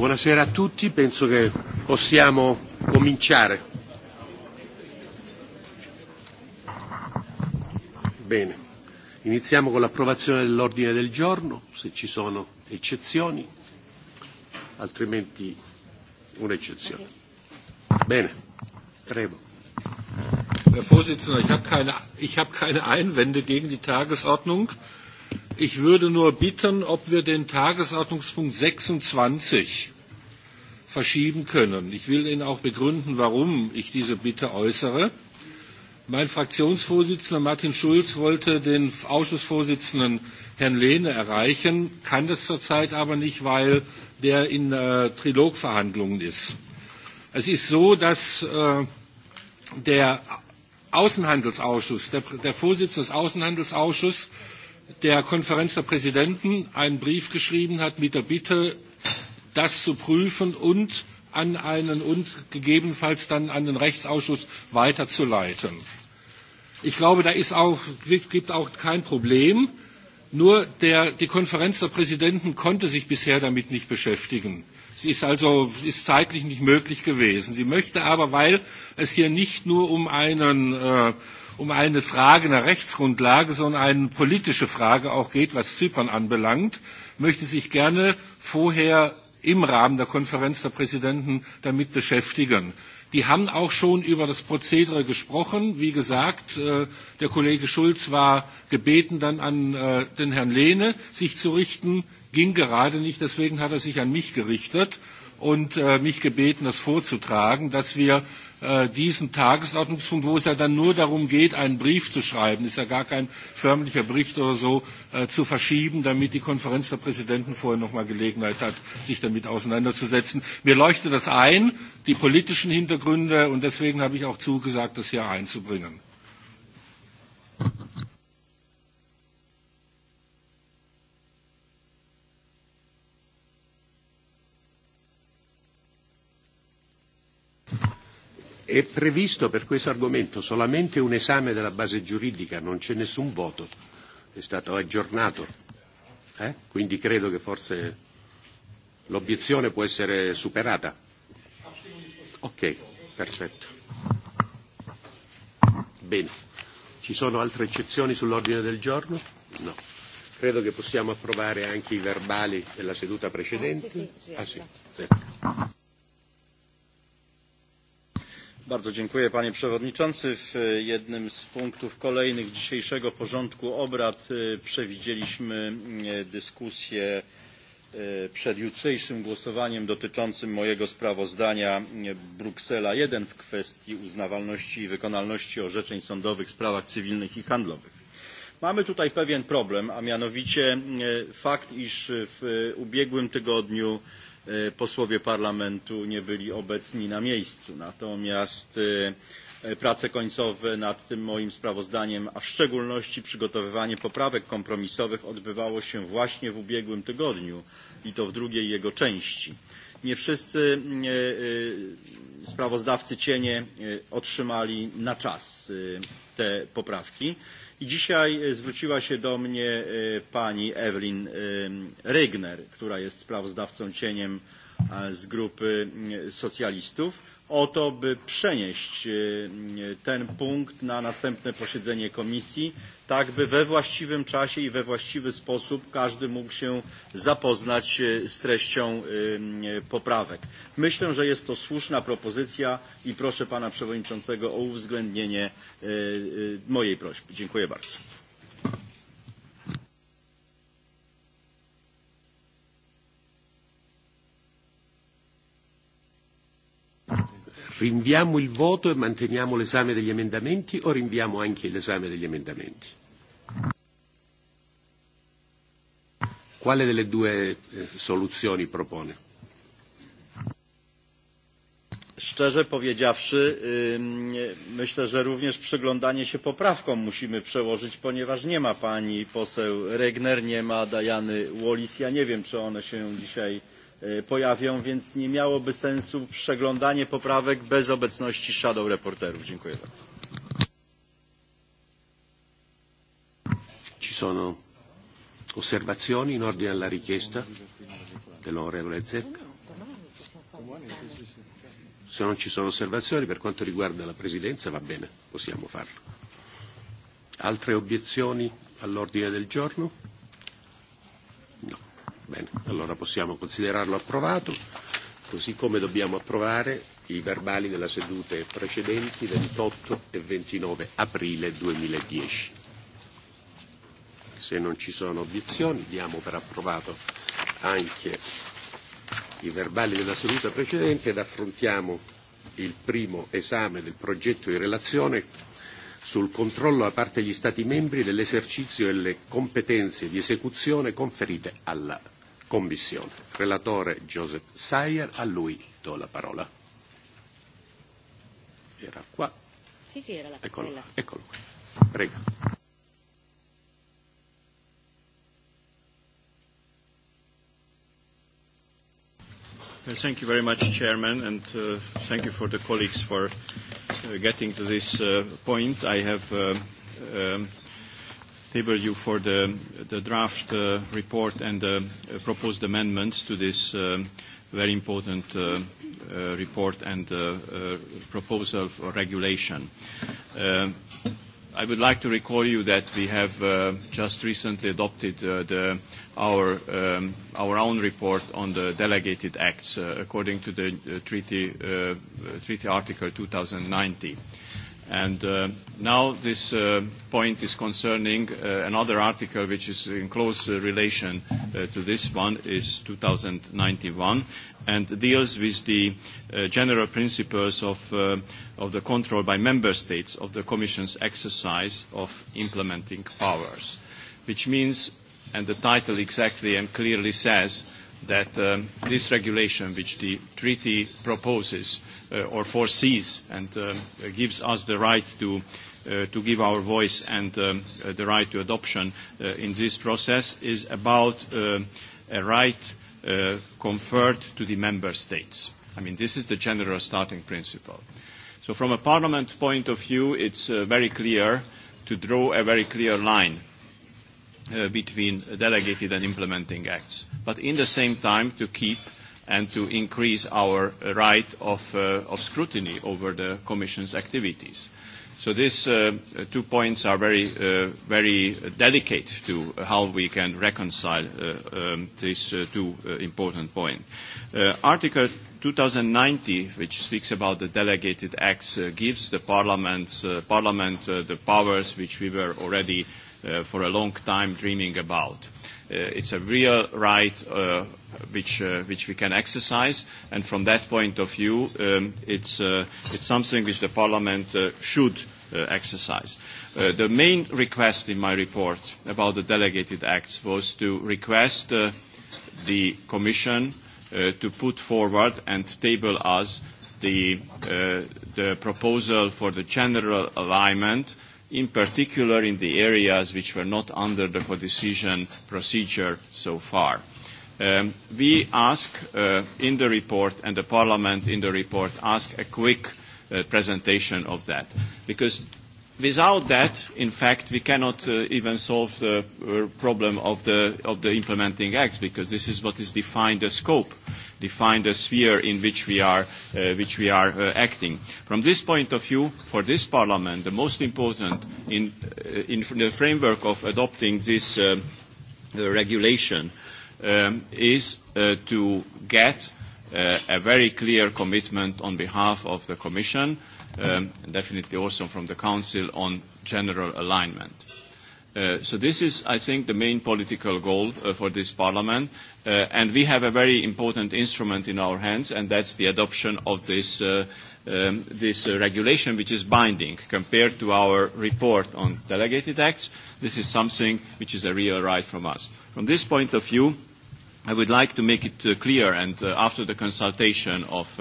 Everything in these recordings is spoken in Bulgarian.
Buonasera a tutti, penso che possiamo cominciare. Bene, iniziamo con l'approvazione dell'ordine del giorno, se ci sono eccezioni, altrimenti un'eccezione. Bene, prego. Herr Vorsitzender, ich habe keine, Einwände gegen die Tagesordnung. Ich würde nur bitten, ob wir den Tagesordnungspunkt 26 verschieben können. Ich will Ihnen auch begründen, warum ich diese Bitte äußere. Mein Fraktionsvorsitzender Martin Schulz wollte den Ausschussvorsitzenden Herrn Lehne erreichen, kann das zurzeit aber nicht, weil der in Trilogverhandlungen ist. Es ist so, dass der Außenhandelsausschuss, der, Vorsitzende des Außenhandelsausschusses der Konferenz der Präsidenten einen Brief geschrieben hat mit der Bitte, das zu prüfen und an einen und gegebenenfalls dann an den Rechtsausschuss weiterzuleiten. Ich glaube, da ist auch, gibt auch kein Problem. Nur der, die Konferenz der Präsidenten konnte sich bisher damit nicht beschäftigen. Es ist also ist zeitlich nicht möglich gewesen. Sie möchte aber, weil es hier nicht nur um, einen, äh, um eine Frage einer Rechtsgrundlage, sondern eine politische Frage auch geht, was Zypern anbelangt, möchte sich gerne vorher im Rahmen der Konferenz der Präsidenten damit beschäftigen. Die haben auch schon über das Prozedere gesprochen. Wie gesagt, der Kollege Schulz war gebeten, dann an den Herrn Lehne sich zu richten, ging gerade nicht, deswegen hat er sich an mich gerichtet und mich gebeten, das vorzutragen, dass wir diesen Tagesordnungspunkt, wo es ja dann nur darum geht, einen Brief zu schreiben, ist ja gar kein förmlicher Bericht oder so, zu verschieben, damit die Konferenz der Präsidenten vorher noch mal Gelegenheit hat, sich damit auseinanderzusetzen. Mir leuchtet das ein, die politischen Hintergründe, und deswegen habe ich auch zugesagt, das hier einzubringen. È previsto per questo argomento solamente un esame della base giuridica, non c'è nessun voto, è stato aggiornato. Eh? Quindi credo che forse l'obiezione può essere superata. Ok, perfetto. Bene. Ci sono altre eccezioni sull'ordine del giorno? No. Credo che possiamo approvare anche i verbali della seduta precedente. Ah, sì. Certo. Bardzo dziękuję panie przewodniczący. W jednym z punktów kolejnych dzisiejszego porządku obrad przewidzieliśmy dyskusję przed jutrzejszym głosowaniem dotyczącym mojego sprawozdania Bruksela I w kwestii uznawalności i wykonalności orzeczeń sądowych w sprawach cywilnych i handlowych. Mamy tutaj pewien problem, a mianowicie fakt, iż w ubiegłym tygodniu posłowie parlamentu nie byli obecni na miejscu. Natomiast prace końcowe nad tym moim sprawozdaniem, a w szczególności przygotowywanie poprawek kompromisowych odbywało się właśnie w ubiegłym tygodniu i to w drugiej jego części. Nie wszyscy sprawozdawcy cienie otrzymali na czas te poprawki. I dzisiaj zwróciła się do mnie pani Evelyn Regner, która jest sprawozdawcą cieniem z grupy socjalistów o to, by przenieść ten punkt na następne posiedzenie komisji, tak by we właściwym czasie i we właściwy sposób każdy mógł się zapoznać z treścią poprawek. Myślę, że jest to słuszna propozycja i proszę pana przewodniczącego o uwzględnienie mojej prośby. Dziękuję bardzo. Rinviamo il voto e manteniamo l'esame degli emendamenti o rinviamo anche l'esame degli emendamenti? Quale delle due soluzioni propone? szczerze powiedziawszy myślę że również przyglądanie się poprawkom musimy przełożyć ponieważ nie ma pani poseł regner nie ma diany wallis ja nie wiem czy one się dzisiaj pojawią, więc nie miałoby sensu przeglądanie poprawek bez obecności shadow reporterów. Dziękuję bardzo. Ci sono osservazioni in ordine alla richiesta dell'onorevole Zecca? Se non ci sono osservazioni per quanto riguarda la Presidenza va bene, possiamo farlo. Altre obiezioni all'ordine del giorno? Bene, allora possiamo considerarlo approvato, così come dobbiamo approvare i verbali della sedute precedenti 28 e 29 aprile 2010. Se non ci sono obiezioni diamo per approvato anche i verbali della seduta precedente ed affrontiamo il primo esame del progetto di relazione sul controllo da parte degli Stati membri dell'esercizio delle competenze di esecuzione conferite alla Commissione. Relatore Joseph Sayer, a lui do la parola. Era qua. Sì, sì, era la eccolo, eccolo qua. Prego. Thank you very much, Chairman, and uh, thank you for the colleagues for uh, getting to this uh, point. I have uh, um, table you for the, the draft uh, report and the proposed amendments to this uh, very important uh, uh, report and uh, uh, proposal for regulation. Uh, I would like to recall you that we have uh, just recently adopted uh, the, our, um, our own report on the delegated acts uh, according to the uh, treaty, uh, treaty Article 2090. And now this point is concerning another article which is in close relation to this one, is 2091, and deals with the general principles of, of the control by member states of the Commission's exercise of implementing powers, which means, and the title exactly and clearly says, that um, this regulation, which the treaty proposes uh, or foresees and gives us the right to, uh, to give our voice and um, uh, the right to adoption uh, in this process, is about uh, a right uh, conferred to the member states. I mean, this is the general starting principle. So from a parliament point of view, it's uh, very clear to draw a very clear line uh, between delegated and implementing acts, but in the same time to keep and to increase our right of, uh, of scrutiny over the Commission's activities. So these uh, two points are very, uh, very delicate to how we can reconcile uh, um, these uh, two uh, important points. Uh, Article 2090, which speaks about the delegated acts, uh, gives the Parliament, uh, Parliament uh, the powers which we were already uh, uh, for a long time dreaming about. Uh, it's a real right uh, which, uh, which we can exercise, and from that point of view, um, it's, uh, it's something which the Parliament uh, should uh, exercise. Uh, the main request in my report about the delegated acts was to request uh, the Commission uh, to put forward and table us the, uh, the proposal for the general alignment in particular in the areas which were not under the codecision procedure so far. Um, we ask uh, in the report, and the Parliament in the report, ask a quick uh, presentation of that. Because without that, in fact, we cannot uh, even solve the uh, problem of the, of the implementing acts, because this is what is defined the scope uh, define the sphere in which we are, uh, which we are uh, acting. From this point of view, for this Parliament, the most important in, uh, in the framework of adopting this uh, uh, regulation um, is uh, to get uh, a very clear commitment on behalf of the Commission, um, and definitely also from the Council on general alignment. Uh, so this is, I think, the main political goal uh, for this Parliament, and we have a very important instrument in our hands, and that's the adoption of this, regulation, which is binding. Compared to our report on delegated acts, this is something which is a real right from us. From this point of view, I would like to make it clear, and after the consultation of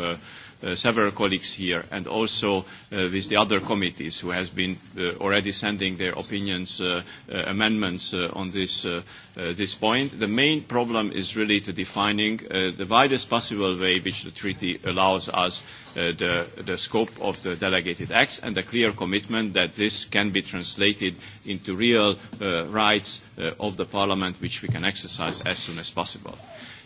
several colleagues here and also with the other committees who has been already sending their opinions, amendments on this point. The main problem is really to defining the widest possible way which the treaty allows us the scope of the delegated acts and the clear commitment that this can be translated into real rights of the parliament, which we can exercise as soon as possible.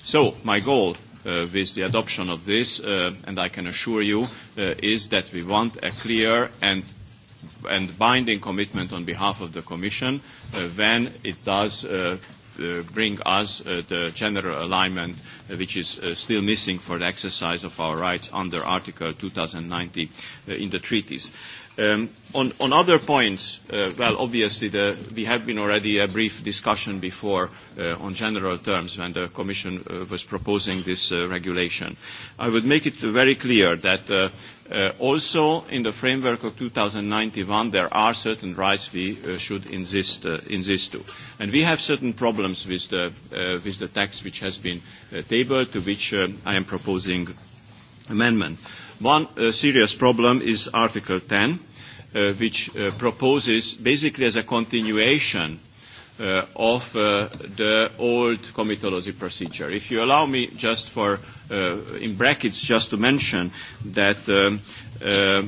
So my goal with the adoption of this, and I can assure you, is that we want a clear and and binding commitment on behalf of the Commission uh, when it does uh, uh, bring us uh, the general alignment uh, which is uh, still missing for the exercise of our rights under Article 2090 uh, in the treaties. Uh, on, other points, uh, well, obviously, the, we have been already a brief discussion before uh, on general terms when the Commission uh, was proposing this uh, regulation. I would make it very clear that uh, uh, also in the framework of 2091, there are certain rights we uh, should insist, uh, insist to. And we have certain problems with the, uh, with the text which has been uh, tabled, to which uh, I am proposing amendment. One uh, serious problem is Article 10, uh, which uh, proposes basically as a continuation uh, of uh, the old comitology procedure. If you allow me just for, uh, in brackets, just to mention that um, uh,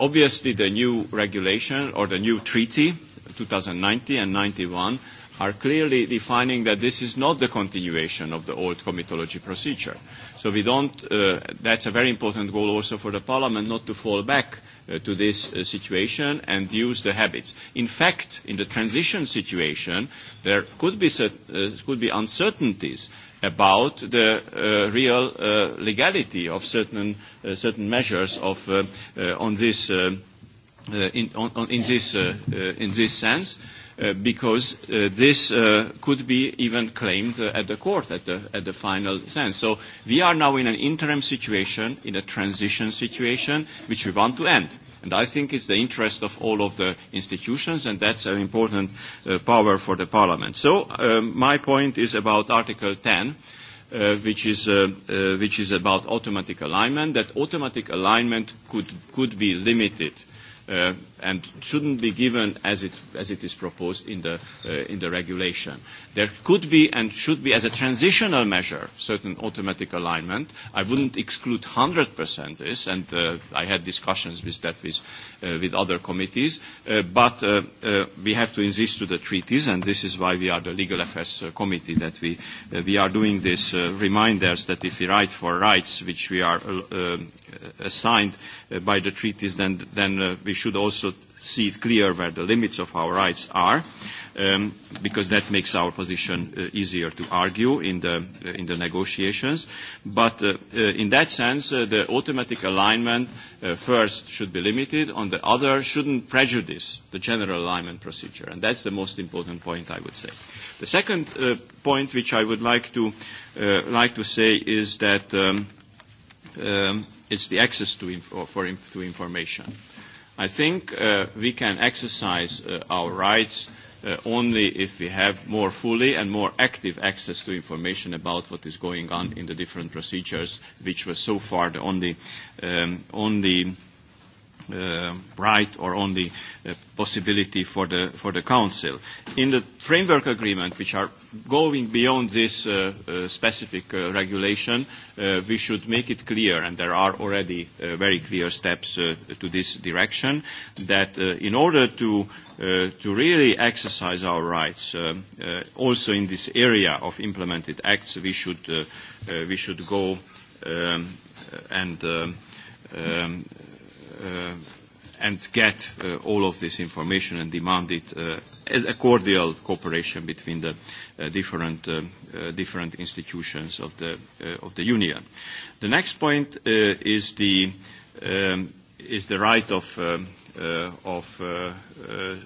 obviously the new regulation or the new treaty, 2090 and 91, are clearly defining that this is not the continuation of the old comitology procedure. So we don't, uh, that's a very important goal also for the Parliament not to fall back uh, to this uh, situation and use the habits. In fact, in the transition situation, there could be, uh, could be uncertainties about the uh, real uh, legality of certain, uh, certain measures of, uh, uh, on this, uh, uh, in, on, on, in, this, uh, uh, in this sense because this could be even claimed at the court at the, at the final sense. So we are now in an interim situation, in a transition situation, which we want to end. And I think it's the interest of all of the institutions, and that's an important uh, power for the Parliament. So um, my point is about Article 10 which is uh, uh, which is about automatic alignment. That automatic alignment could could be limited uh, and shouldn't be given as it, as it is proposed in the, uh, in the regulation. There could be and should be, as a transitional measure, certain automatic alignment. I wouldn't exclude 100% this, and uh, I had discussions with that with, uh, with other committees, uh, but uh, uh, we have to insist to the treaties, and this is why we are the Legal Affairs uh, Committee, that we, uh, we are doing this uh, reminders that if we write for rights which we are uh, assigned uh, by the treaties, then, then uh, we should also see it clear where the limits of our rights are, um, because that makes our position uh, easier to argue in the, uh, in the negotiations. But uh, uh, in that sense, uh, the automatic alignment uh, first should be limited, on the other shouldn't prejudice the general alignment procedure. And that's the most important point, I would say. The second uh, point which I would like to, uh, like to say is that um, um, it's the access to, inf- for, to information. Uh, I think uh, we can exercise uh, our rights uh, only if we have more fully and more active access to information about what is going on in the different procedures, which was so far the only, um, only uh, right or only uh, possibility for the, for the Council. In the framework agreement, which are going beyond this uh, uh, specific uh, regulation, uh, we should make it clear, and there are already uh, very clear steps uh, to this direction, that uh, in order to, uh, to really exercise our rights, uh, uh, also in this area of implemented acts, we should, uh, uh, we should go um, and um, um, and get uh, all of this information and demand it uh, as a cordial cooperation between the uh, different, uh, uh, different institutions of the, uh, of the Union. The next point uh, is, the, um, is the right of, uh, uh, of uh, uh,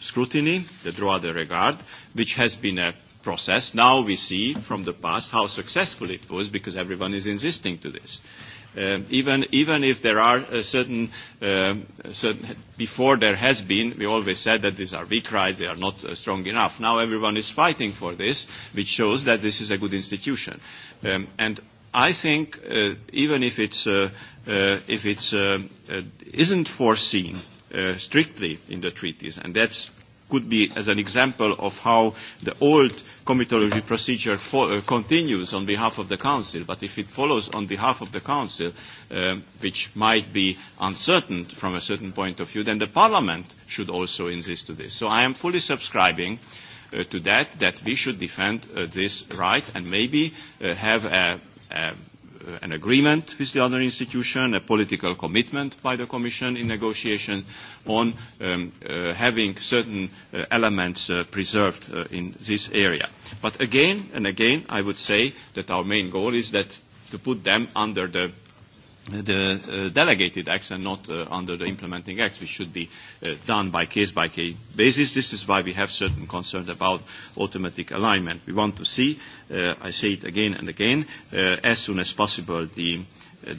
scrutiny, the droit de regard, which has been a process. Now we see from the past how successful it was because everyone is insisting to this. Uh, Even even if there are a certain uh certain before there has been, we always said that these are weak rights, they are not strong enough. Now everyone is fighting for this, which shows that this is a good institution. And I think even if it's uh if it's isn't foreseen uh strictly in the treaties, and that's could be as an example of how the old comitology procedure fo- uh, continues on behalf of the Council, but if it follows on behalf of the Council, uh, which might be uncertain from a certain point of view, then the Parliament should also insist to this. So I am fully subscribing uh, to that, that we should defend uh, this right and maybe uh, have a, a an agreement with the other institution, a political commitment by the Commission in negotiation on um, uh, having certain uh, elements uh, preserved uh, in this area. But again and again, I would say that our main goal is that to put them under the the uh, delegated acts and not uh, under the implementing acts, which should be uh, done by case-by-case basis. This is why we have certain concerns about automatic alignment. We want to see, uh, I say it again and again, uh, as soon as possible the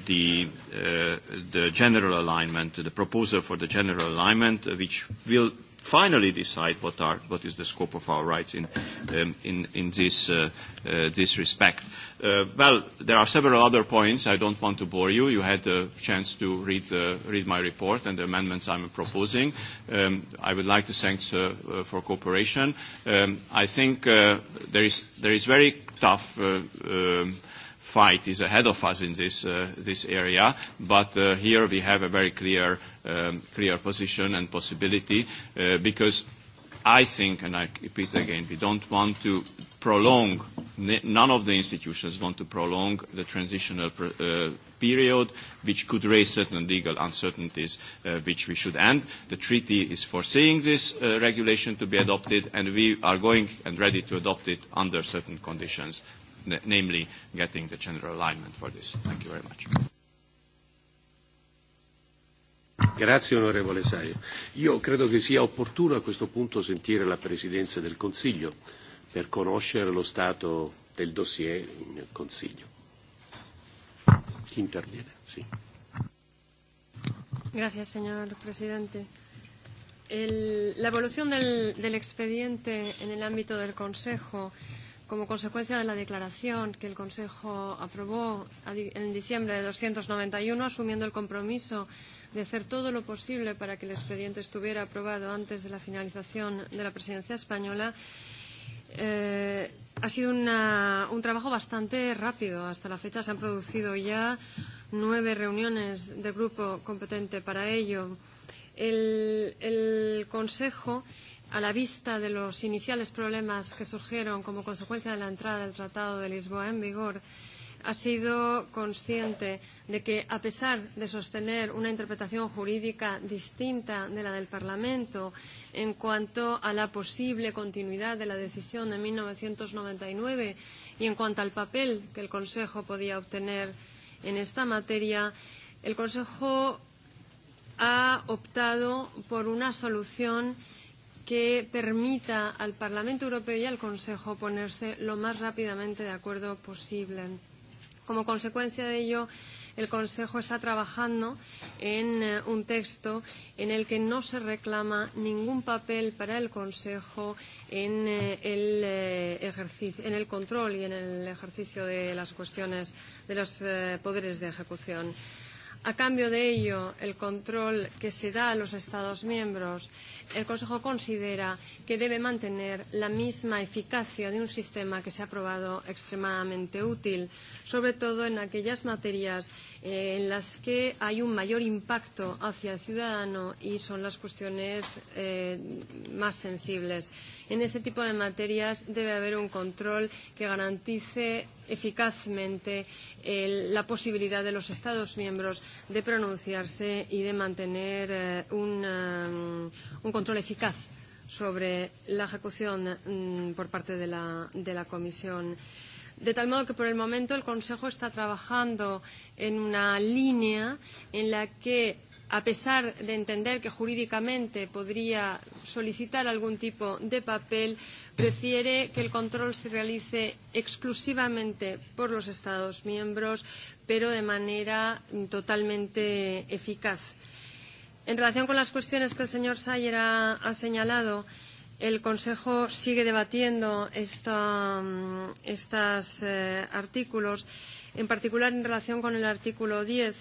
the, uh, the general alignment, the proposal for the general alignment, which will finally decide what, are, what is the scope of our rights in, um, in, in this, uh, uh, this respect. Uh, Uh, well, there are several other points. I don't want to bore you. You had the chance to read, uh, read my report and the amendments I'm proposing. Um, I would like to thank uh, uh, for cooperation. Um, I think uh, there, is, there is very tough uh, um, fight is ahead of us in this, uh, this area, but uh, here we have a very clear, um, clear position and possibility uh, because I think, and I repeat again, we don't want to prolong, none of the institutions want to prolong the transitional uh, period, which could raise certain legal uncertainties, uh, which we should end. The treaty is foreseeing this uh, regulation to be adopted, and we are going and ready to adopt it under certain conditions, namely getting the general alignment for this. Thank you very much. Grazie onorevole Saio. Io credo che sia opportuno a questo punto sentire la Presidenza del Consiglio per conoscere lo stato del dossier in Consiglio. Chi interviene? Sì. Grazie, señor presidente. El, la evolución del, del expediente en el ámbito del Consejo como consecuencia de la declaración que el Consejo aprobó en diciembre de 291, asumiendo el compromiso de hacer todo lo posible para que el expediente estuviera aprobado antes de la finalización de la presidencia española, eh, Eh, ha sido una, un trabajo bastante rápido. Hasta la fecha se han producido ya nueve reuniones del grupo competente para ello. El, el Consejo, a la vista de los iniciales problemas que surgieron como consecuencia de la entrada del Tratado de Lisboa en vigor, eh, ha sido consciente de que, a pesar de sostener una interpretación jurídica distinta de la del Parlamento en cuanto a la posible continuidad de la decisión de 1999 y en cuanto al papel que el Consejo podía obtener en esta materia, el Consejo ha optado por una solución que permita al Parlamento Europeo y al Consejo ponerse lo más rápidamente de acuerdo posible. Como consecuencia de ello, el Consejo está trabajando en un texto en el que no se reclama ningún papel para el Consejo en, el, ejercicio, en el control y en el ejercicio de las cuestiones de los poderes de ejecución. A cambio de ello, el control que se da a los Estados miembros eh, el Consejo considera que debe mantener la misma eficacia de un sistema que se ha probado extremadamente útil, sobre todo en aquellas materias en las que hay un mayor impacto hacia el ciudadano y son las cuestiones más sensibles. En ese tipo de materias debe haber un control que garantice eficazmente la posibilidad de los Estados miembros de pronunciarse y de mantener un, un control eficaz sobre la ejecución por parte de la, de la Comisión. De tal modo que por el momento el Consejo está trabajando en una línea en la que, a pesar de entender que jurídicamente podría solicitar algún tipo de papel, prefiere que el control se realice exclusivamente por los Estados miembros, pero de manera totalmente eficaz En relación con las cuestiones que el señor Sayer ha, ha señalado, el Consejo sigue debatiendo estos eh, artículos. En particular, en relación con el artículo 10,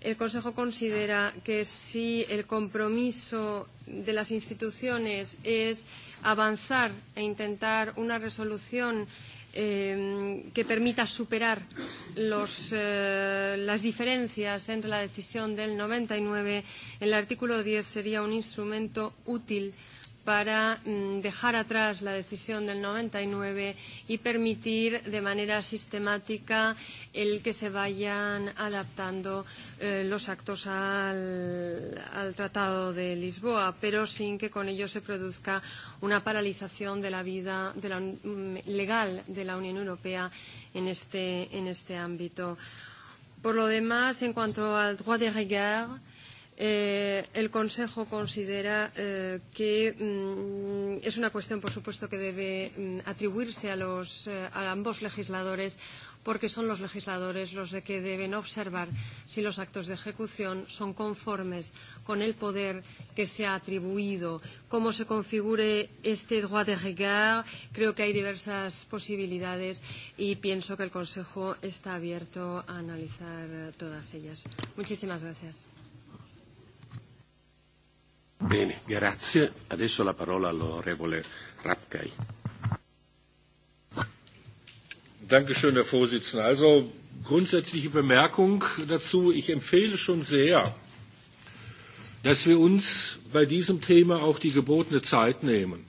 el Consejo considera que si el compromiso de las instituciones es avanzar e intentar una resolución eh, eh, que permita superar los, eh, las diferencias entre la decisión del 99, el artículo 10 sería un instrumento útil eh, para dejar atrás la decisión del 99 y permitir de manera sistemática el que se vayan adaptando los actos al, Tratado de Lisboa, pero sin que con ello se produzca una paralización de la vida legal de la Unión Europea en este, ámbito. Por lo demás, en cuanto al droit de regard, Eh, el Consejo considera eh, que mm, es una cuestión, por supuesto, que debe mm, atribuirse a, los, eh, a ambos legisladores porque son los legisladores los que deben observar si los actos de ejecución son conformes con el poder que se ha atribuido. Cómo se configure este droit de regard, creo que hay diversas posibilidades y pienso que el Consejo está abierto a analizar todas ellas. Muchísimas gracias. Bene, grazie. Adesso la parola all'onorevole Dankeschön, Herr Vorsitzender. Also grundsätzliche Bemerkung dazu. Ich empfehle schon sehr, dass wir uns bei diesem Thema auch die gebotene Zeit nehmen.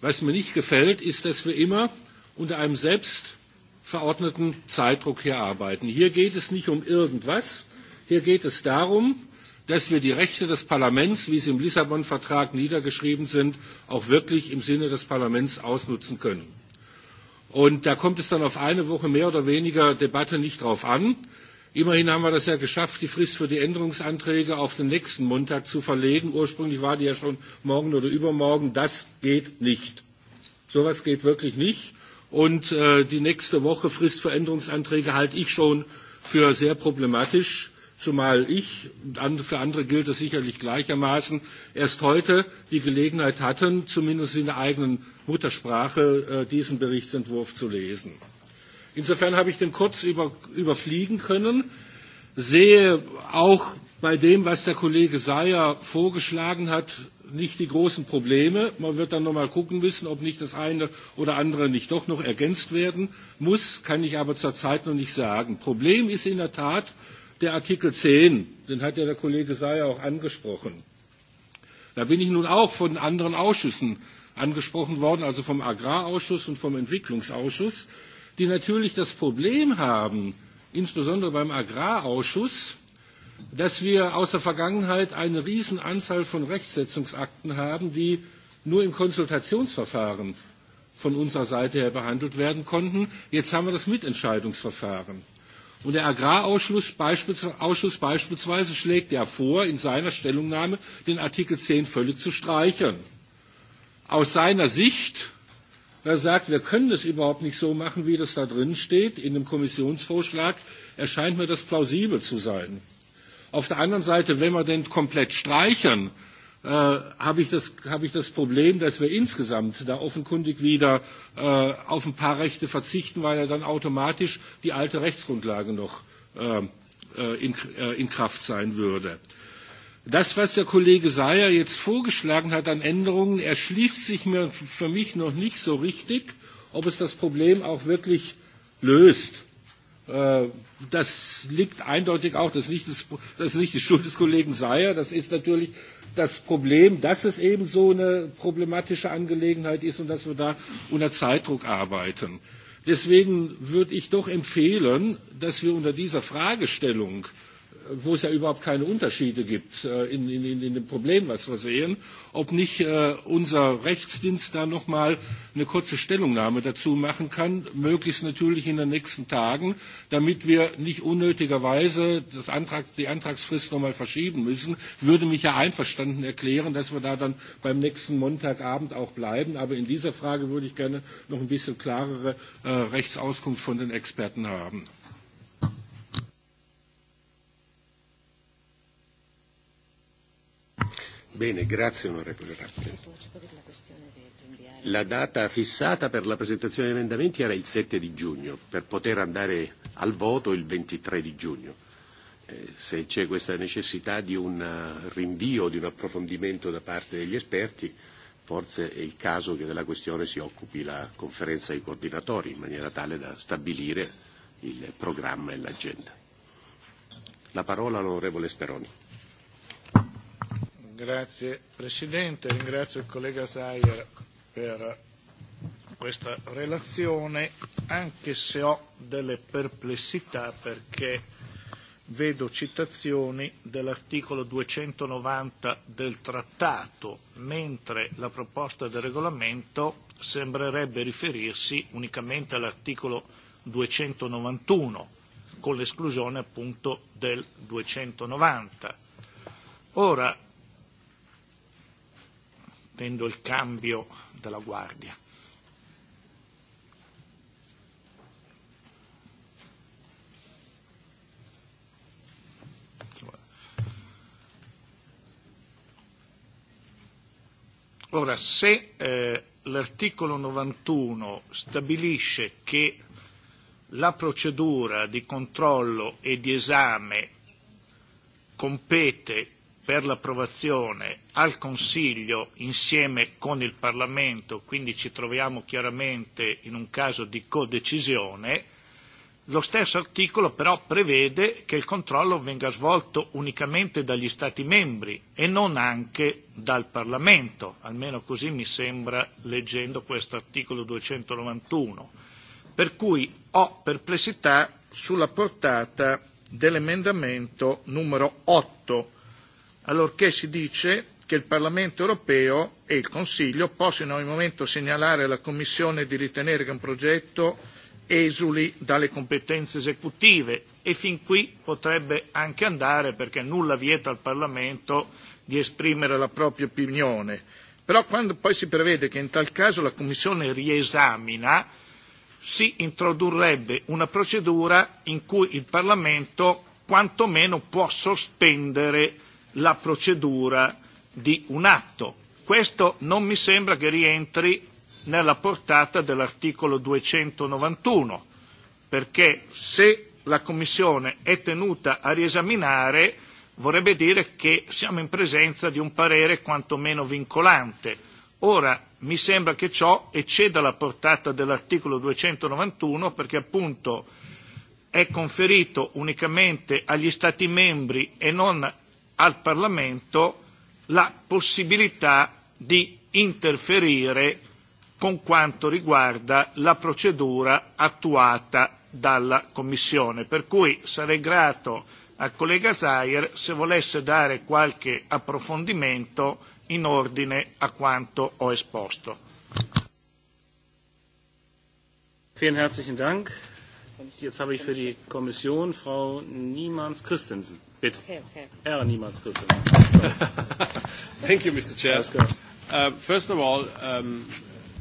Was mir nicht gefällt, ist, dass wir immer unter einem selbstverordneten Zeitdruck hier arbeiten. Hier geht es nicht um irgendwas. Hier geht es darum, dass wir die Rechte des Parlaments, wie sie im Lissabon-Vertrag niedergeschrieben sind, auch wirklich im Sinne des Parlaments ausnutzen können. Und da kommt es dann auf eine Woche mehr oder weniger Debatte nicht drauf an. Immerhin haben wir das ja geschafft, die Frist für die Änderungsanträge auf den nächsten Montag zu verlegen. Ursprünglich war die ja schon morgen oder übermorgen. Das geht nicht. So etwas geht wirklich nicht. Und die nächste Woche Frist für Änderungsanträge halte ich schon für sehr problematisch zumal ich, und für andere gilt es sicherlich gleichermaßen, erst heute die Gelegenheit hatten, zumindest in der eigenen Muttersprache diesen Berichtsentwurf zu lesen. Insofern habe ich den kurz überfliegen können, sehe auch bei dem, was der Kollege Seyer vorgeschlagen hat, nicht die großen Probleme. Man wird dann noch mal gucken müssen, ob nicht das eine oder andere nicht doch noch ergänzt werden muss, kann ich aber zurzeit noch nicht sagen. Problem ist in der Tat, der Artikel 10, den hat ja der Kollege Seyer auch angesprochen. Da bin ich nun auch von anderen Ausschüssen angesprochen worden, also vom Agrarausschuss und vom Entwicklungsausschuss, die natürlich das Problem haben, insbesondere beim Agrarausschuss, dass wir aus der Vergangenheit eine Riesenanzahl von Rechtsetzungsakten haben, die nur im Konsultationsverfahren von unserer Seite her behandelt werden konnten. Jetzt haben wir das Mitentscheidungsverfahren. Und der Agrarausschuss beispielsweise schlägt ja vor, in seiner Stellungnahme den Artikel zehn völlig zu streichen. Aus seiner Sicht, er sagt, wir können das überhaupt nicht so machen, wie das da drin steht, in dem Kommissionsvorschlag, erscheint mir das plausibel zu sein. Auf der anderen Seite, wenn wir den komplett streichen, habe ich, das Problem, dass wir insgesamt da offenkundig wieder auf ein paar Rechte verzichten, weil ja dann automatisch die alte Rechtsgrundlage noch in, Kraft sein würde. Das, was der Kollege Sayer jetzt vorgeschlagen hat an Änderungen, erschließt sich mir für mich noch nicht so richtig, ob es das Problem auch wirklich löst. Das liegt eindeutig auch, das ist nicht die Schuld des Kollegen Sayer, das ist natürlich das Problem, dass es eben so eine problematische Angelegenheit ist und dass wir da unter Zeitdruck arbeiten. Deswegen würde ich doch empfehlen, dass wir unter dieser Fragestellung wo es ja überhaupt keine Unterschiede gibt in, in, in dem Problem, was wir sehen, ob nicht unser Rechtsdienst da noch mal eine kurze Stellungnahme dazu machen kann, möglichst natürlich in den nächsten Tagen, damit wir nicht unnötigerweise das Antrag, die Antragsfrist noch mal verschieben müssen. Ich würde mich ja einverstanden erklären, dass wir da dann beim nächsten Montagabend auch bleiben. Aber in dieser Frage würde ich gerne noch ein bisschen klarere Rechtsauskunft von den Experten haben. Bene, grazie onorevole La data fissata per la presentazione degli emendamenti era il 7 di giugno, per poter andare al voto il 23 di giugno. Eh, se c'è questa necessità di un rinvio, di un approfondimento da parte degli esperti, forse è il caso che della questione si occupi la conferenza dei coordinatori, in maniera tale da stabilire il programma e l'agenda. La parola all'onorevole Speroni. Grazie Presidente, ringrazio il collega Sayer per questa relazione, anche se ho delle perplessità perché vedo citazioni dell'articolo 290 del trattato, mentre la proposta del regolamento sembrerebbe riferirsi unicamente all'articolo 291, con l'esclusione appunto del 290. Ora, intendo il cambio della guardia. Ora, se eh, l'articolo 91 stabilisce che la procedura di controllo e di esame compete per l'approvazione al Consiglio insieme con il Parlamento, quindi ci troviamo chiaramente in un caso di codecisione, lo stesso articolo però prevede che il controllo venga svolto unicamente dagli Stati membri e non anche dal Parlamento, almeno così mi sembra leggendo questo articolo 291. Per cui ho perplessità sulla portata dell'emendamento numero 8 allorché si dice che il Parlamento europeo e il Consiglio possono in momento segnalare alla Commissione di ritenere che un progetto esuli dalle competenze esecutive e fin qui potrebbe anche andare perché nulla vieta al Parlamento di esprimere la propria opinione. Però quando poi si prevede che in tal caso la Commissione riesamina, si introdurrebbe una procedura in cui il Parlamento quantomeno può sospendere la procedura di un atto. Questo non mi sembra che rientri nella portata dell'articolo 291, perché se la Commissione è tenuta a riesaminare vorrebbe dire che siamo in presenza di un parere quantomeno vincolante. Ora mi sembra che ciò ecceda la portata dell'articolo 291 perché appunto è conferito unicamente agli Stati membri e non al Parlamento la possibilità di interferire con quanto riguarda la procedura attuata dalla Commissione. Per cui sarei grato al collega Zayer se volesse dare qualche approfondimento in ordine a quanto ho esposto. Vielen herzlichen Dank. Jetzt habe ich für die Kommission Frau Niemanns-Christensen. Bitte. Herr Niemals, Thank you, Mr. Chair. Uh, first of all, um,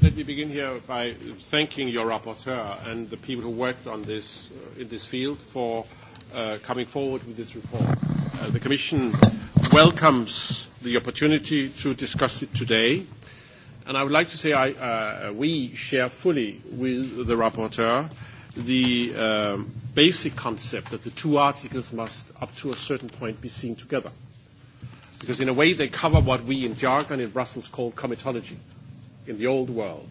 let me begin here by thanking your rapporteur and the people who worked on this uh, in this field for uh, coming forward with this report. Uh, the Commission welcomes the opportunity to discuss it today. And I would like to say I, uh, we share fully with the rapporteur the basic concept that the two articles must, up to a certain point, be seen together. Because in a way, they cover what we in jargon in Brussels call comitology in the old world.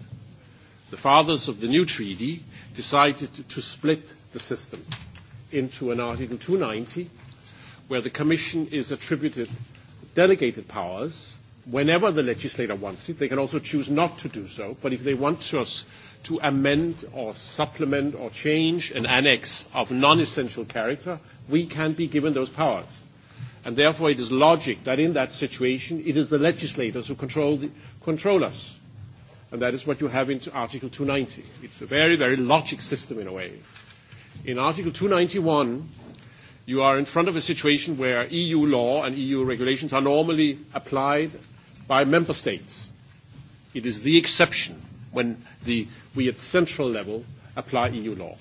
The fathers of the new treaty decided to split the system into an Article 290 where the Commission is attributed delegated powers whenever the legislator wants it. They can also choose not to do so, but if they want to us to amend or supplement or change an annex of non-essential character, we can be given those powers. And therefore, it is logic that in that situation, it is the legislators who control, the, control us. And that is what you have in Article 290. It's a very, very logic system in a way. In Article 291, you are in front of a situation where EU law and EU regulations are normally applied by member states. It is the exception when the, we at central level apply EU law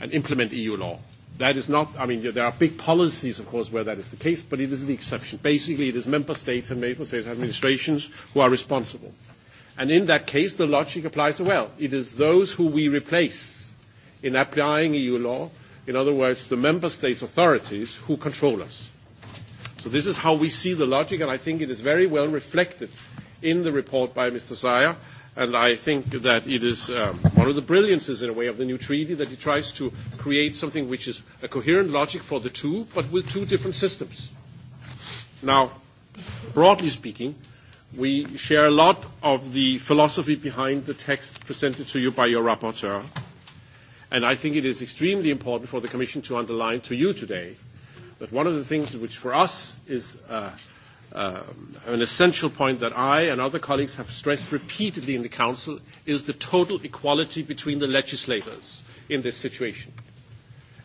and implement EU law. That is not, I mean, there are big policies, of course, where that is the case, but it is the exception. Basically, it is member states and member states administrations who are responsible. And in that case, the logic applies well. It is those who we replace in applying EU law, in other words, the member states' authorities who control us. So this is how we see the logic, and I think it is very well reflected in the report by Mr. Zaya. And I think that it is um, one of the brilliances, in a way, of the new treaty that it tries to create something which is a coherent logic for the two, but with two different systems. Now, broadly speaking, we share a lot of the philosophy behind the text presented to you by your rapporteur. And I think it is extremely important for the Commission to underline to you today that one of the things which for us is. Uh, an essential point that I and other colleagues have stressed repeatedly in the Council is the total equality between the legislators in this situation.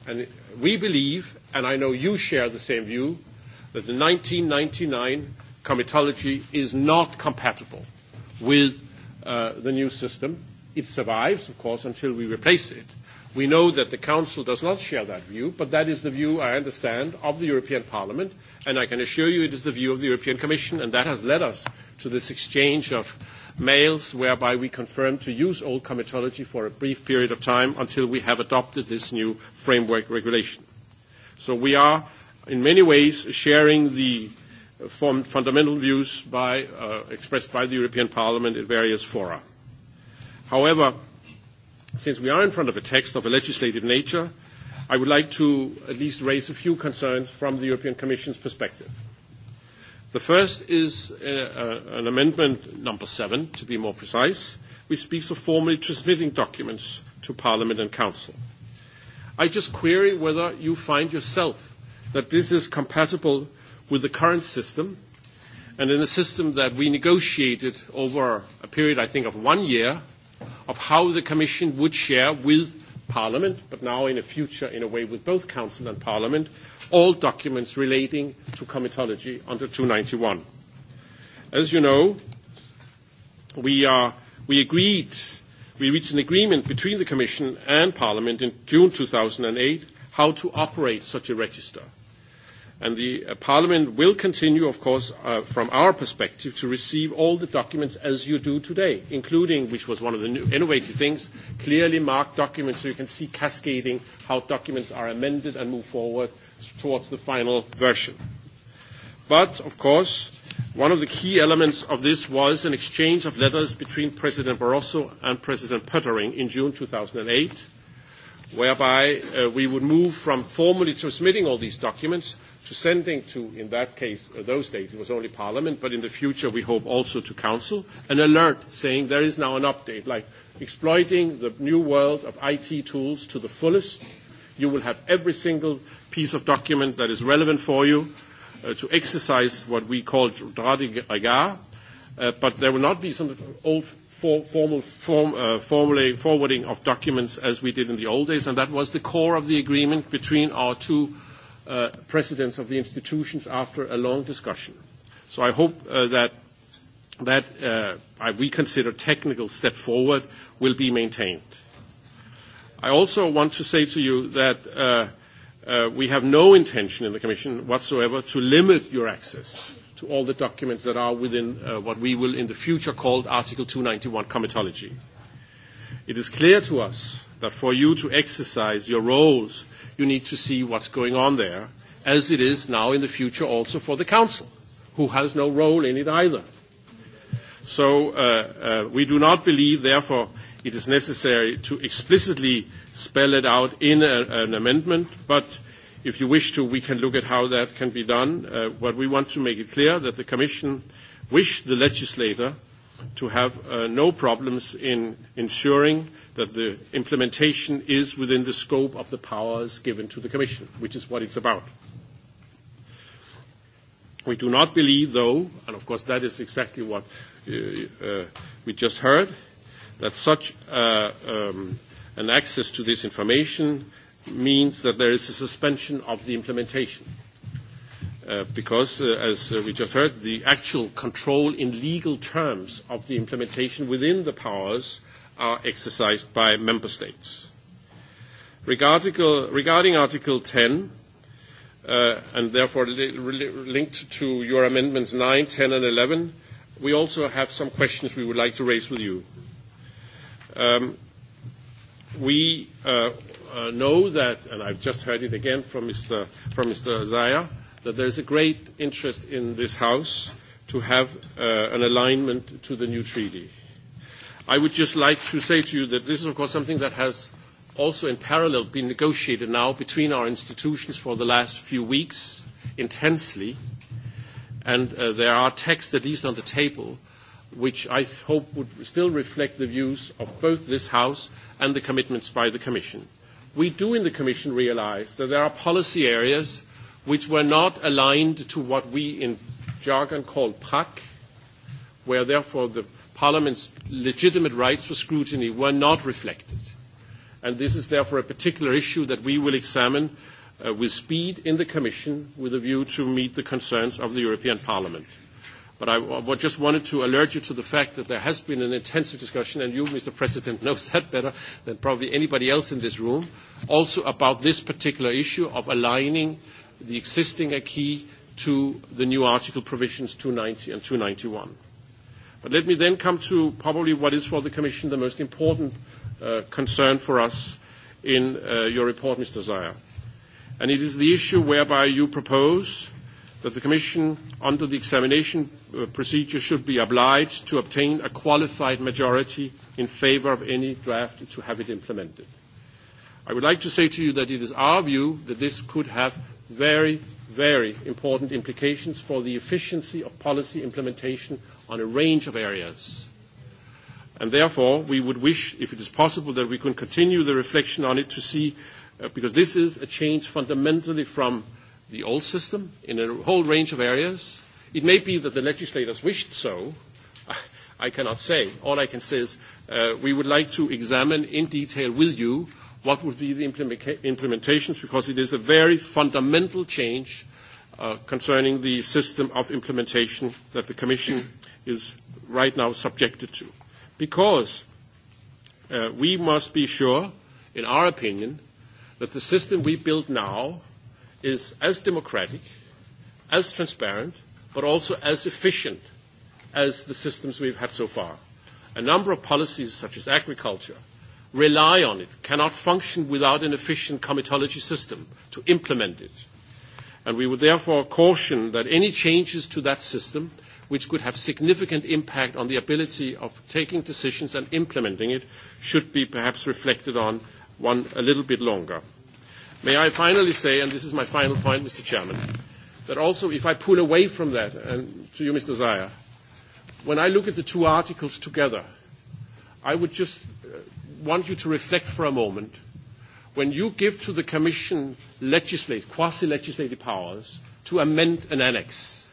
And we believe, and I know you share the same view, that the 1999 comitology is not compatible with the new system. It survives, of course, until we replace it. We know that the Council does not share that view, but that is the view, I understand, of the European Parliament, and I can assure you it is the view of the European Commission, and that has led us to this exchange of mails whereby we confirm to use old comitology for a brief period of time until we have adopted this new framework regulation. So we are, in many ways, sharing the fundamental views by, uh, expressed by the European Parliament in various fora. However, since we are in front of a text of a legislative nature, I would like to at least raise a few concerns from the European Commission's perspective. The first is an amendment number seven, to be more precise, which speaks of formally transmitting documents to Parliament and Council. I just query whether you find yourself that this is compatible with the current system and in a system that we negotiated over a period, I think, of one year of how the Commission would share with Parliament, but now in the future, in a way, with both Council and Parliament, all documents relating to comitology under 291. As you know, we, are, we agreed, we reached an agreement between the Commission and Parliament in June 2008 how to operate such a register and the Parliament will continue, of course, from our perspective, to receive all the documents as you do today, including, which was one of the new innovative things, clearly marked documents so you can see cascading how documents are amended and move forward towards the final version. But, of course, one of the key elements of this was an exchange of letters between President Barroso and President Pöttering in June 2008, whereby we would move from formally transmitting all these documents to sending to, in that case, those days, it was only Parliament, but in the future we hope also to Council, an alert saying there is now an update, like exploiting the new world of IT tools to the fullest. You will have every single piece of document that is relevant for you to exercise what we call droit de regard, but there will not be some old formal form forwarding of documents as we did in the old days, and that was the core of the agreement between our two presidents of the institutions after a long discussion. So I hope that that we consider technical step forward will be maintained. I also want to say to you that we have no intention in the Commission whatsoever to limit your access to all the documents that are within what we will in the future call Article 291 comitology. It is clear to us that for you to exercise your roles, you need to see what's going on there, as it is now in the future also for the Council, who has no role in it either. So uh, uh, we do not believe, therefore, it is necessary to explicitly spell it out in a, an amendment, but if you wish to, we can look at how that can be done. Uh, but we want to make it clear that the Commission wished the legislator to have uh, no problems in ensuring that the implementation is within the scope of the powers given to the Commission, which is what it's about. We do not believe, though, and of course that is exactly what we just heard, that such an access to this information means that there is a suspension of the implementation. Because, as we just heard, the actual control in legal terms of the implementation within the powers are exercised by member states. Regarding Article 10, and therefore linked to your amendments 9, 10, and 11, we also have some questions we would like to raise with you. We know that, and I've just heard it again from Mr. Zaya, that there is a great interest in this House to have an alignment to the new treaty. I would just like to say to you that this is, of course, something that has also in parallel been negotiated now between our institutions for the last few weeks intensely. And there are texts, at least on the table, which I hope would still reflect the views of both this House and the commitments by the Commission. We do in the Commission realise that there are policy areas which were not aligned to what we in jargon call PAC, where therefore the Parliament's legitimate rights for scrutiny were not reflected. And this is therefore a particular issue that we will examine with speed in the Commission with a view to meet the concerns of the European Parliament. But I just wanted to alert you to the fact that there has been an intensive discussion, and you, Mr. President, knows that better than probably anybody else in this room, also about this particular issue of aligning the existing acquis to the new article provisions 290 and 291. But let me then come to probably what is for the Commission the most important uh, concern for us in uh, your report, Mr. Zayer. And it is the issue whereby you propose that the Commission, under the examination procedure, should be obliged to obtain a qualified majority in favour of any draft to have it implemented. I would like to say to you that it is our view that this could have very, very important implications for the efficiency of policy implementation on a range of areas. And therefore, we would wish, if it is possible, that we can continue the reflection on it to see, because this is a change fundamentally from the old system in a whole range of areas. It may be that the legislators wished so. I cannot say. All I can say is uh, we would like to examine in detail with you what would be the implementations, because it is a very fundamental change uh, concerning the system of implementation that the Commission is right now subjected to. Because uh, we must be sure, in our opinion, that the system we build now is as democratic, as transparent, but also as efficient as the systems we've had so far. A number of policies, such as agriculture, rely on it, cannot function without an efficient comitology system to implement it. And we would therefore caution that any changes to that system which could have significant impact on the ability of taking decisions and implementing it, should be perhaps reflected on one a little bit longer. May I finally say, and this is my final point, Mr. Chairman, that also if I pull away from that, and to you, Mr. Zaya, when I look at the two articles together, I would just want you to reflect for a moment. When you give to the Commission legislate, quasi-legislative powers to amend an annex,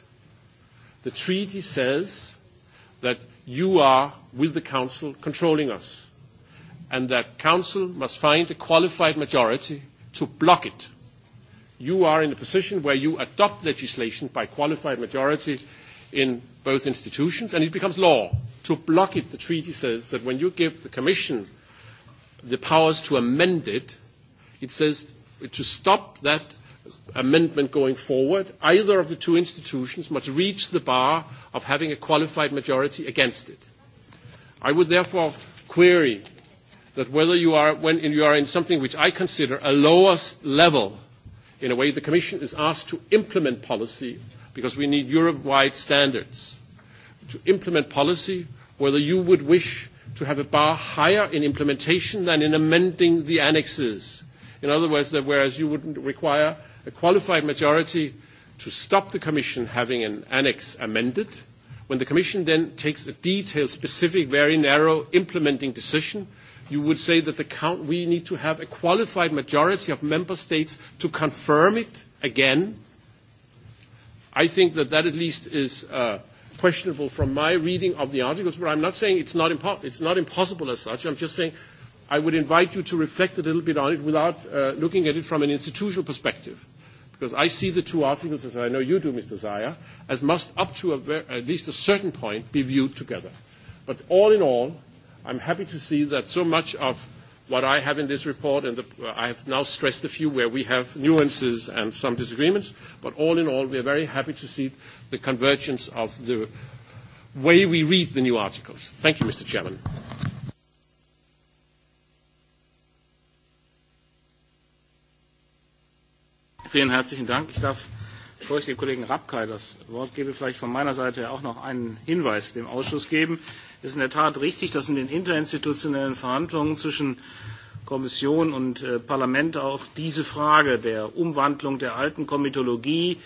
The treaty says that you are, with the Council, controlling us, and that Council must find a qualified majority to block it. You are in a position where you adopt legislation by qualified majority in both institutions, and it becomes law. To block it, the treaty says that when you give the Commission the powers to amend it, it says to stop that amendment going forward, either of the two institutions must reach the bar of having a qualified majority against it. I would therefore query that whether you are, when you are in something which I consider a lower level, in a way the Commission is asked to implement policy because we need Europe-wide standards, to implement policy, whether you would wish to have a bar higher in implementation than in amending the annexes. In other words, that whereas you would require a qualified majority to stop the Commission having an annex amended. When the Commission then takes a detailed, specific, very narrow implementing decision, you would say that the count, we need to have a qualified majority of member states to confirm it again. I think that that at least is uh, questionable from my reading of the articles, but I'm not saying it's not, impo- it's not impossible as such. I'm just saying I would invite you to reflect a little bit on it without uh, looking at it from an institutional perspective because I see the two articles, as I know you do, Mr. Zaya, as must, up to a, at least a certain point, be viewed together. But all in all, I'm happy to see that so much of what I have in this report, and the, I have now stressed a few where we have nuances and some disagreements, but all in all, we are very happy to see the convergence of the way we read the new articles. Thank you, Mr. Chairman. Vielen herzlichen Dank. Ich darf, bevor ich dem Kollegen Rapkay das Wort gebe, vielleicht von meiner Seite auch noch einen Hinweis dem Ausschuss geben. Es ist in der Tat richtig, dass in den interinstitutionellen Verhandlungen zwischen Kommission und Parlament auch diese Frage der Umwandlung der alten Komitologie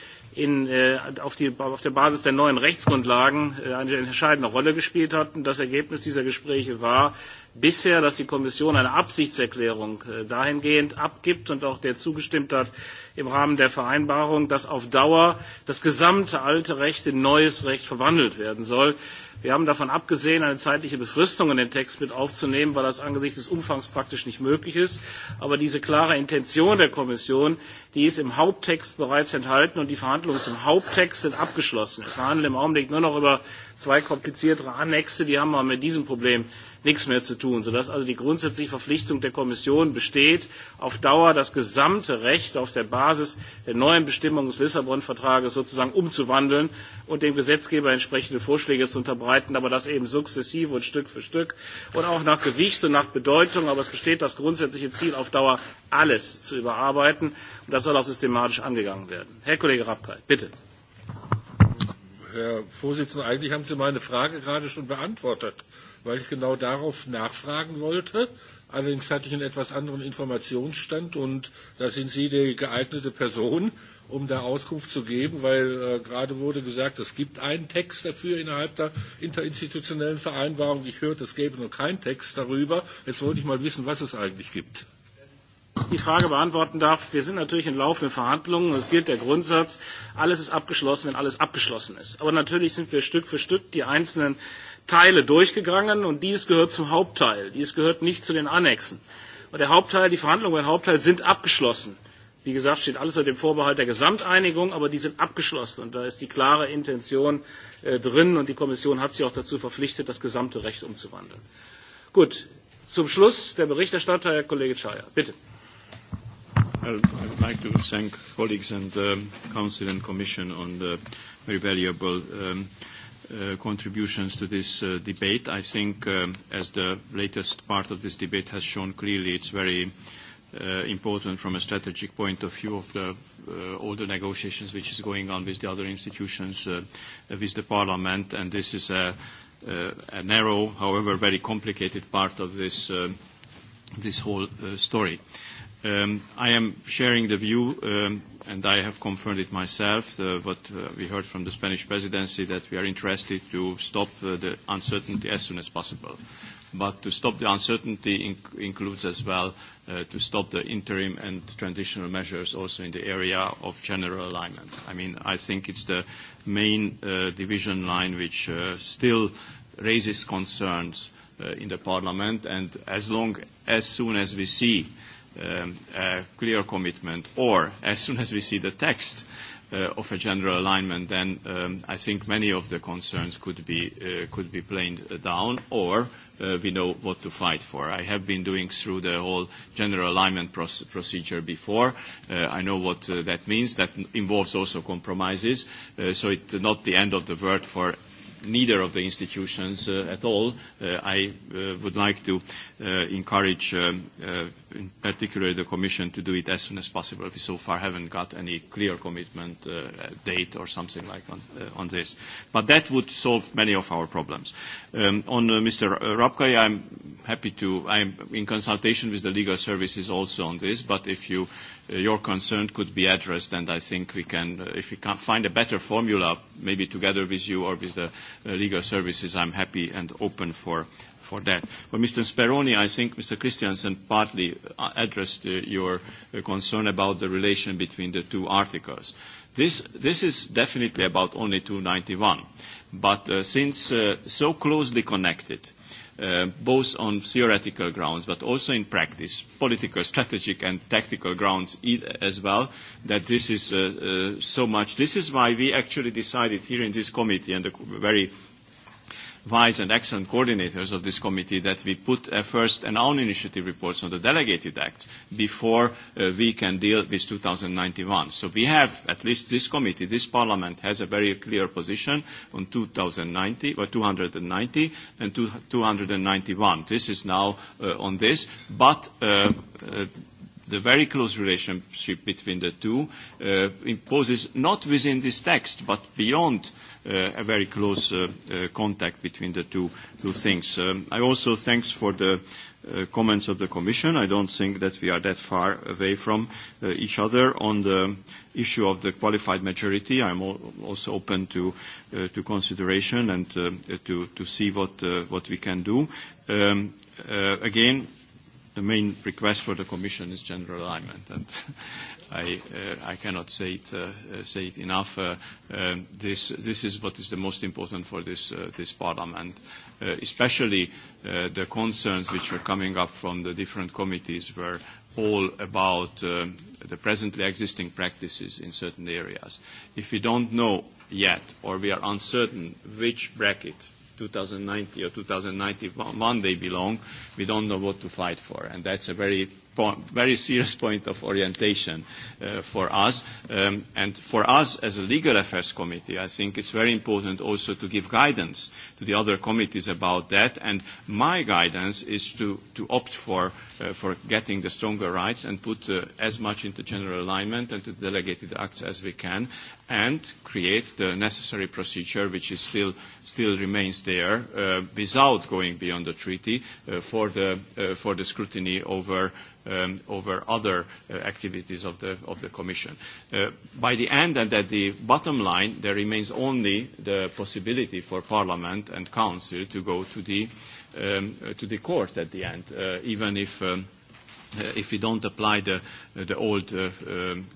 auf, der Basis der neuen Rechtsgrundlagen eine entscheidende Rolle gespielt hat. Und das Ergebnis dieser Gespräche war, bisher, dass die Kommission eine Absichtserklärung dahingehend abgibt und auch der zugestimmt hat im Rahmen der Vereinbarung, dass auf Dauer das gesamte alte Recht in neues Recht verwandelt werden soll. Wir haben davon abgesehen, eine zeitliche Befristung in den Text mit aufzunehmen, weil das angesichts des Umfangs praktisch nicht möglich ist. Aber diese klare Intention der Kommission, die ist im Haupttext bereits enthalten und die Verhandlungen zum Haupttext sind abgeschlossen. Wir verhandeln im Augenblick nur noch über zwei kompliziertere Annexe, die haben aber mit diesem Problem nichts mehr zu tun, sodass also die grundsätzliche Verpflichtung der Kommission besteht, auf Dauer das gesamte Recht auf der Basis der neuen Bestimmungen des Lissabon-Vertrages sozusagen umzuwandeln und dem Gesetzgeber entsprechende Vorschläge zu unterbreiten, aber das eben sukzessive und Stück für Stück und auch nach Gewicht und nach Bedeutung. Aber es besteht das grundsätzliche Ziel, auf Dauer alles zu überarbeiten. Und das soll auch systematisch angegangen werden. Herr Kollege Rapkay, bitte. Herr Vorsitzender, eigentlich haben Sie meine Frage gerade schon beantwortet weil ich genau darauf nachfragen wollte. Allerdings hatte ich einen etwas anderen Informationsstand und da sind Sie die geeignete Person, um da Auskunft zu geben, weil gerade wurde gesagt, es gibt einen Text dafür innerhalb der interinstitutionellen Vereinbarung. Ich hörte, es gäbe noch keinen Text darüber. Jetzt wollte ich mal wissen, was es eigentlich gibt. Die Frage beantworten darf, wir sind natürlich in laufenden Verhandlungen. Es gilt der Grundsatz, alles ist abgeschlossen, wenn alles abgeschlossen ist. Aber natürlich sind wir Stück für Stück die einzelnen Teile durchgegangen und dies gehört zum Hauptteil. Dies gehört nicht zu den Annexen. Und der Hauptteil, die Verhandlungen über den Hauptteil sind abgeschlossen. Wie gesagt, steht alles unter dem Vorbehalt der Gesamteinigung, aber die sind abgeschlossen. Und da ist die klare Intention äh, drin und die Kommission hat sich auch dazu verpflichtet, das gesamte Recht umzuwandeln. Gut, zum Schluss der Berichterstatter, Herr Kollege Czaja. Bitte. I'd like to thank colleagues and the Council and Commission on the very valuable um, uh, contributions to this debate. I think, as the latest part of this debate has shown clearly, it's very important from a strategic point of view of the all the negotiations which is going on with the other institutions, with the parliament, and this is a narrow, however, very complicated part of this whole story. I am sharing the view and I have confirmed it myself, uh, what uh, we heard from the Spanish presidency, that we are interested to stop uh, the uncertainty as soon as possible. But to stop the uncertainty includes as well uh, to stop the interim and transitional measures also in the area of general alignment. I mean, I think it's the main uh, division line which uh, still raises concerns uh, in the parliament, and as long as soon as we see uh, um, a clear commitment, or as soon as we see the text uh, of a general alignment, then um, I think many of the concerns could be uh, could be planed down, or uh, we know what to fight for. I have been doing through the whole general alignment proce- procedure before. Uh, I know what uh, that means. That involves also compromises. Uh, so it's not the end of the world for neither of the institutions uh, at all. Uh, I uh, would like to uh, encourage, um, uh, in particular, the Commission to do it as soon as possible. We so far haven't got any clear commitment uh, date or something like on, uh, on this. But that would solve many of our problems. Um, on uh, Mr. Rapkay, I'm happy to. I'm in consultation with the legal services also on this. But if you your concern could be addressed, and I think we can, if we can find a better formula, maybe together with you or with the legal services, I'm happy and open for for that. But Mr. Speroni, I think Mr. Christiansen partly addressed your concern about the relation between the two articles. This this is definitely about only 291, but since so closely connected, both on theoretical grounds but also in practice, political, strategic and tactical grounds as well, that this is so much. This is why we actually decided here in this committee and the very wise and excellent coordinators of this committee that we put a first an own initiative reports on the delegated acts before uh, we can deal with 2091. So we have, at least this committee, this parliament has a very clear position on 2090, or 290 and 291. This is now uh, on this, but uh, uh, the very close relationship between the two uh, imposes not within this text, but beyond uh, a very close contact between the two things. I also thanks for the comments of the Commission. I don't think that we are that far away from each other on the issue of the qualified majority. I'm also open to consideration and to see what we can do. Again, the main request for the Commission is general alignment, I, uh, I cannot say it, uh, say it enough. Uh, um, this, this is what is the most important for this, uh, this parliament, uh, especially uh, the concerns which were coming up from the different committees were all about uh, the presently existing practices in certain areas. If we don't know yet or we are uncertain which bracket 2090 or 2091 they belong, we don't know what to fight for. And that's a very, very serious point of orientation uh, for us. Um, and for us as a Legal Affairs Committee, I think it's very important also to give guidance to the other committees about that. And my guidance is to, to opt for for getting the stronger rights and put uh, as much into general alignment and to delegated acts as we can and create the necessary procedure which is still, still remains there uh, without going beyond the treaty uh, for, the, uh, for the scrutiny over um, over other uh, activities of the, of the Commission. Uh, by the end and at the bottom line, there remains only the possibility for Parliament and Council to go to the, um, to the court at the end, uh, even if um, if we don't apply the, the old uh,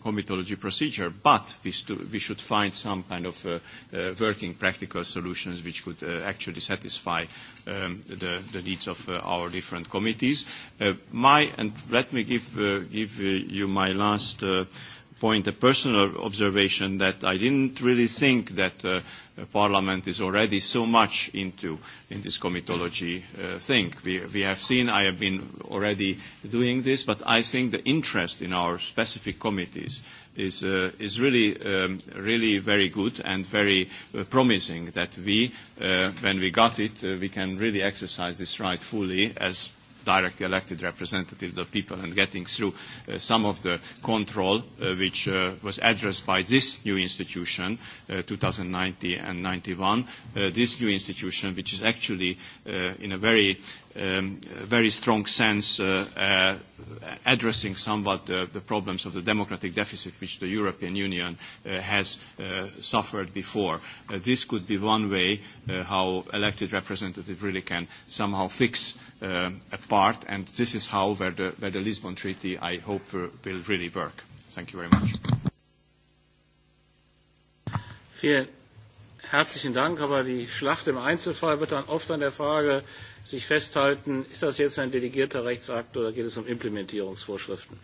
comitology procedure, but we, we should find some kind of uh, uh, working practical solutions which could uh, actually satisfy um, the, the needs of uh, our different committees. Uh, my, and let me give, uh, give uh, you my last uh, point a personal observation that I didn't really think that uh, Parliament is already so much into in this comitology uh, thing. We, we have seen, I have been already doing this, but I think the interest in our specific committees is, uh, is really, um, really very good and very uh, promising that we, uh, when we got it, uh, we can really exercise this right fully as directly elected representatives of people and getting through uh, some of the control uh, which uh, was addressed by this new institution uh, 2090 and 91. Uh, this new institution, which is actually uh, in a very um, very strong sense uh, uh, addressing somewhat the, the problems of the democratic deficit which the European Union uh, has uh, suffered before. Uh, this could be one way uh, how elected representatives really can somehow fix uh, a part, and this is how where the, where the Lisbon Treaty, I hope, uh, will really work. Thank you very much. Vielen herzlichen Dank. Aber die Schlacht im Einzelfall wird dann oft an der Frage sich festhalten, ist das jetzt ein delegierter Rechtsakt oder geht es um Implementierungsvorschriften?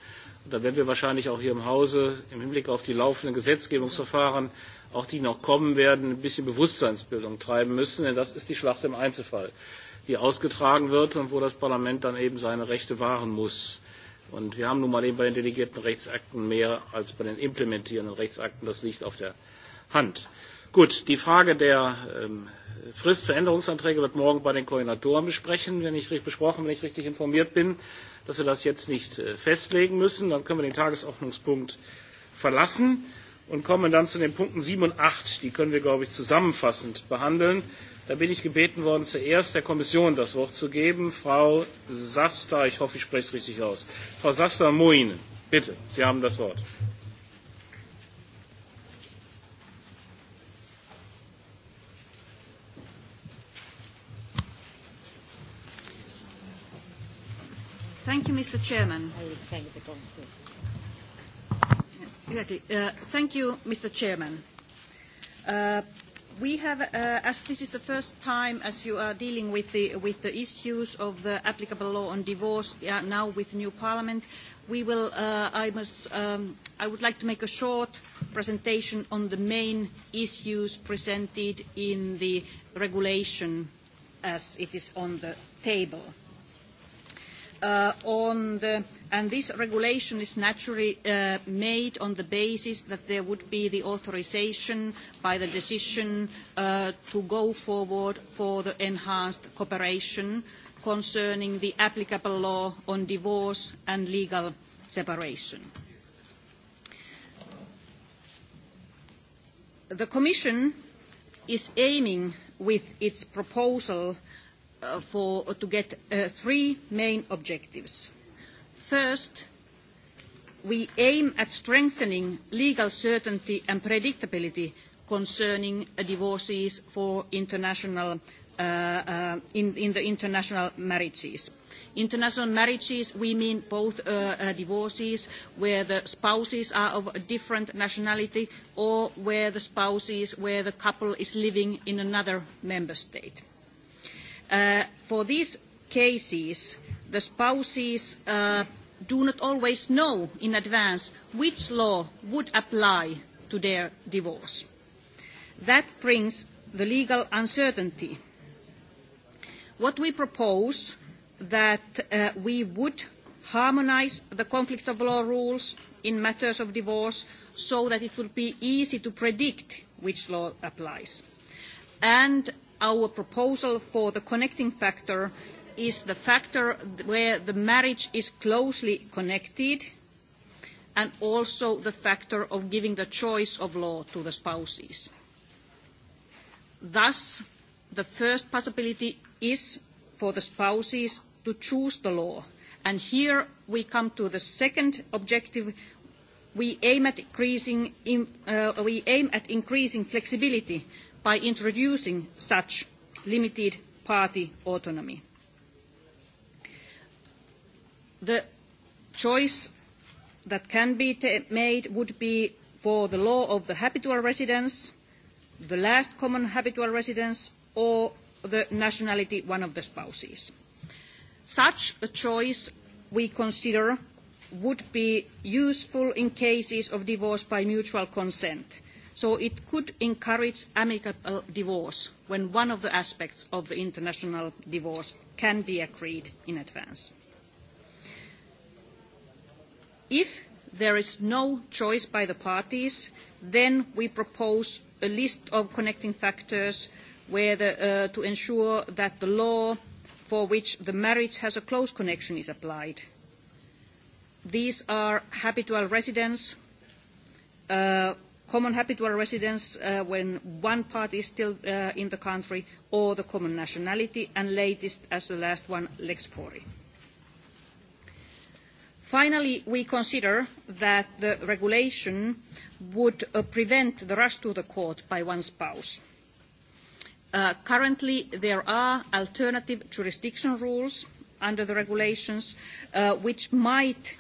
Und da werden wir wahrscheinlich auch hier im Hause im Hinblick auf die laufenden Gesetzgebungsverfahren, auch die noch kommen werden, ein bisschen Bewusstseinsbildung treiben müssen, denn das ist die Schlacht im Einzelfall, die ausgetragen wird und wo das Parlament dann eben seine Rechte wahren muss. Und wir haben nun mal eben bei den delegierten Rechtsakten mehr als bei den implementierenden Rechtsakten. Das liegt auf der Hand. Gut, die Frage der ähm, Frist für Änderungsanträge wird morgen bei den Koordinatoren besprechen, wenn ich besprochen, wenn ich richtig informiert bin, dass wir das jetzt nicht festlegen müssen. Dann können wir den Tagesordnungspunkt verlassen und kommen dann zu den Punkten sieben und acht. Die können wir, glaube ich, zusammenfassend behandeln. Da bin ich gebeten worden, zuerst der Kommission das Wort zu geben. Frau Saster ich hoffe, ich spreche es richtig aus. Frau Saster Moine, bitte, Sie haben das Wort. Thank you, Mr. Chairman. I will thank the Council. Exactly. Uh, thank you, Mr. Chairman. Uh, we have, uh, as this is the first time as you are dealing with the, with the issues of the applicable law on divorce yeah, now with new parliament, we will, uh, I, must, um, I would like to make a short presentation on the main issues presented in the regulation as it is on the table on the, and this regulation is naturally made on the basis that there would be the authorisation by the decision to go forward for the enhanced cooperation concerning the applicable law on divorce and legal separation. The Commission is aiming with its proposal for, to get three main objectives. First, we aim at strengthening legal certainty and predictability concerning divorces for international, in, the international marriages. International marriages, we mean both divorces where the spouses are of a different nationality or where the spouses, where the couple is living in another member state for these cases, the spouses do not always know in advance which law would apply to their divorce. That brings the legal uncertainty. What we propose that we would harmonise the conflict of law rules in matters of divorce so that it would be easy to predict which law applies. And our proposal for the connecting factor is the factor where the marriage is closely connected and also the factor of giving the choice of law to the spouses. Thus, the first possibility is for the spouses to choose the law. And here we come to the second objective. We aim at increasing, flexibility by introducing such limited party autonomy. The choice that can be made would be for the law of the habitual residence, the last common habitual residence, or the nationality one of the spouses. Such a choice, we consider, would be useful in cases of divorce by mutual consent – So it could encourage amicable divorce when one of the aspects of the international divorce can be agreed in advance. If there is no choice by the parties, then we propose a list of connecting factors where the, to ensure that the law for which the marriage has a close connection is applied. These are habitual residence, common habitual residence when one party is still in the country, or the common nationality, and latest as the last one, lex fori. Finally, we consider that the regulation would prevent the rush to the court by one spouse. currently, there are alternative jurisdiction rules under the regulations which might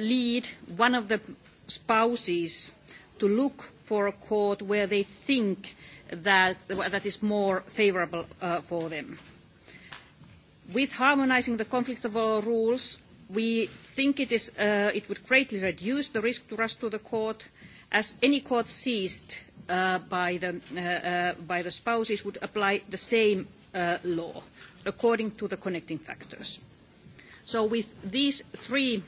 lead one of the spouses to look for a court where they think that, that is more favourable for them. With harmonising the conflict of law rules, we think it, is, uh, it would greatly reduce the risk to rush to the court, as any court seized uh, by, the, uh, uh, by the spouses would apply the same uh, law according to the connecting factors. So with these three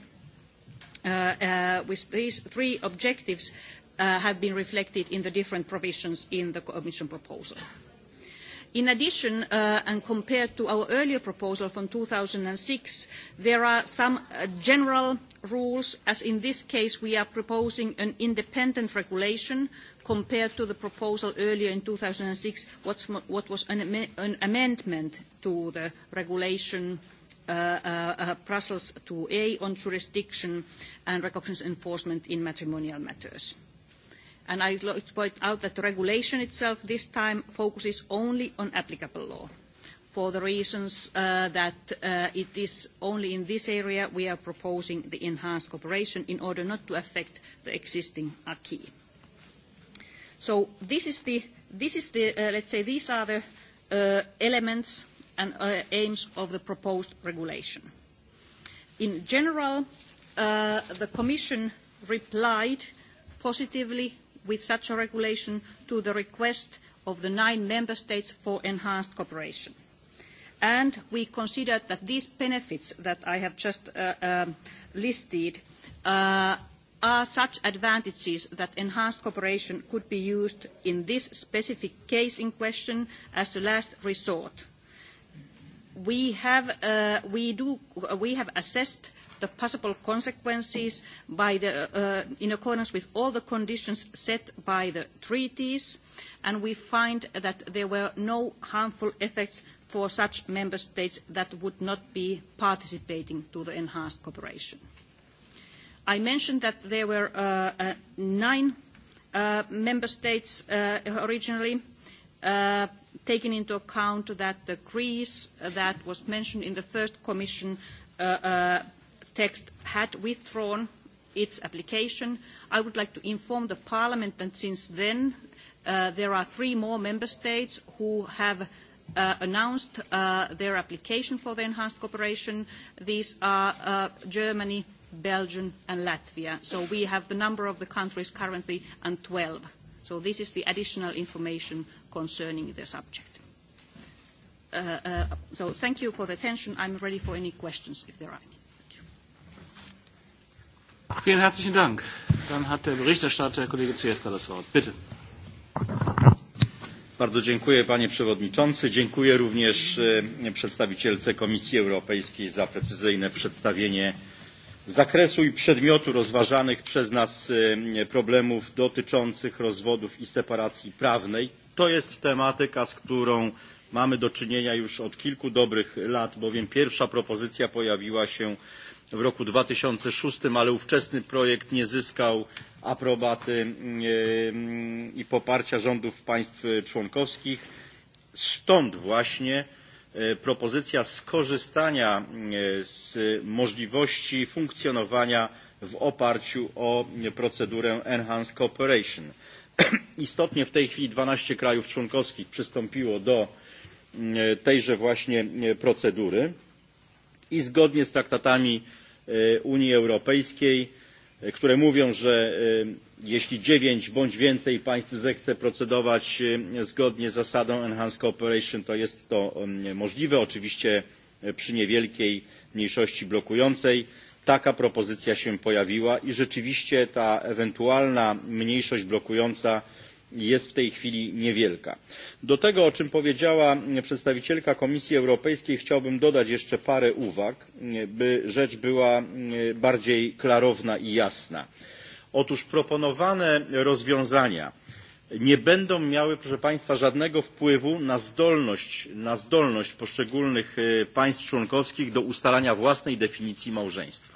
with these three objectives have been reflected in the different provisions in the Commission proposal. In addition, and compared to our earlier proposal from two thousand six, there are some general rules, as in this case we are proposing an independent regulation compared to the proposal earlier in two thousand six, what was an amendment to the regulation Brussels two a on jurisdiction and recognition enforcement in matrimonial matters. And I'd like to point out that the regulation itself this time focuses only on applicable law for the reasons that it is only in this area we are proposing the enhanced cooperation in order not to affect the existing acquis. So this is the, this is the let's say, these are the elements and aims of the proposed regulation. In general, the Commission replied positively with such a regulation to the request of the nine member states for enhanced cooperation. And we consider that these benefits that I have just listed are such advantages that enhanced cooperation could be used in this specific case in question as a last resort we have assessed the possible consequences in accordance with all the conditions set by the treaties, and we find that there were no harmful effects for such member states that would not be participating to the enhanced cooperation. I mentioned that there were nine member states originally, taking into account that the Greece that was mentioned in the first Commission text had withdrawn its application. I would like to inform the Parliament that since then there are three more Member States who have announced their application for the enhanced cooperation. These are Germany, Belgium and Latvia. So we have the number of the countries currently and twelve. So this is the additional information concerning the subject. So thank you for the attention. I'm ready for any questions if there are any. Vielen herzlichen Dank. Dann hat der Berichterstatter, Herr Kollege Zwiefka, das Wort. Bitte. Bardzo dziękuję panie przewodniczący. Dziękuję również przedstawicielce Komisji Europejskiej za precyzyjne przedstawienie zakresu i przedmiotu rozważanych przez nas problemów dotyczących rozwodów i separacji prawnej To jest tematyka, z którą mamy do czynienia już od kilku dobrych lat, bowiem pierwsza propozycja pojawiła się w roku dwa tysiące 2006, ale ówczesny projekt nie zyskał aprobaty i poparcia rządów państw członkowskich. Stąd właśnie propozycja skorzystania z możliwości funkcjonowania w oparciu o procedurę Enhanced Cooperation. Istotnie w tej chwili dwanaście krajów członkowskich przystąpiło do tejże właśnie procedury i zgodnie z traktatami Unii Europejskiej, które mówią, że jeśli dziewięć bądź więcej państw zechce procedować zgodnie z zasadą Enhanced Cooperation, to jest to możliwe, oczywiście przy niewielkiej mniejszości blokującej taka propozycja się pojawiła i rzeczywiście ta ewentualna mniejszość blokująca jest w tej chwili niewielka. Do tego, o czym powiedziała przedstawicielka Komisji Europejskiej, chciałbym dodać jeszcze parę uwag, by rzecz była bardziej klarowna i jasna. Otóż proponowane rozwiązania nie będą miały, proszę Państwa, żadnego wpływu na zdolność, poszczególnych państw członkowskich do ustalania własnej definicji małżeństwa.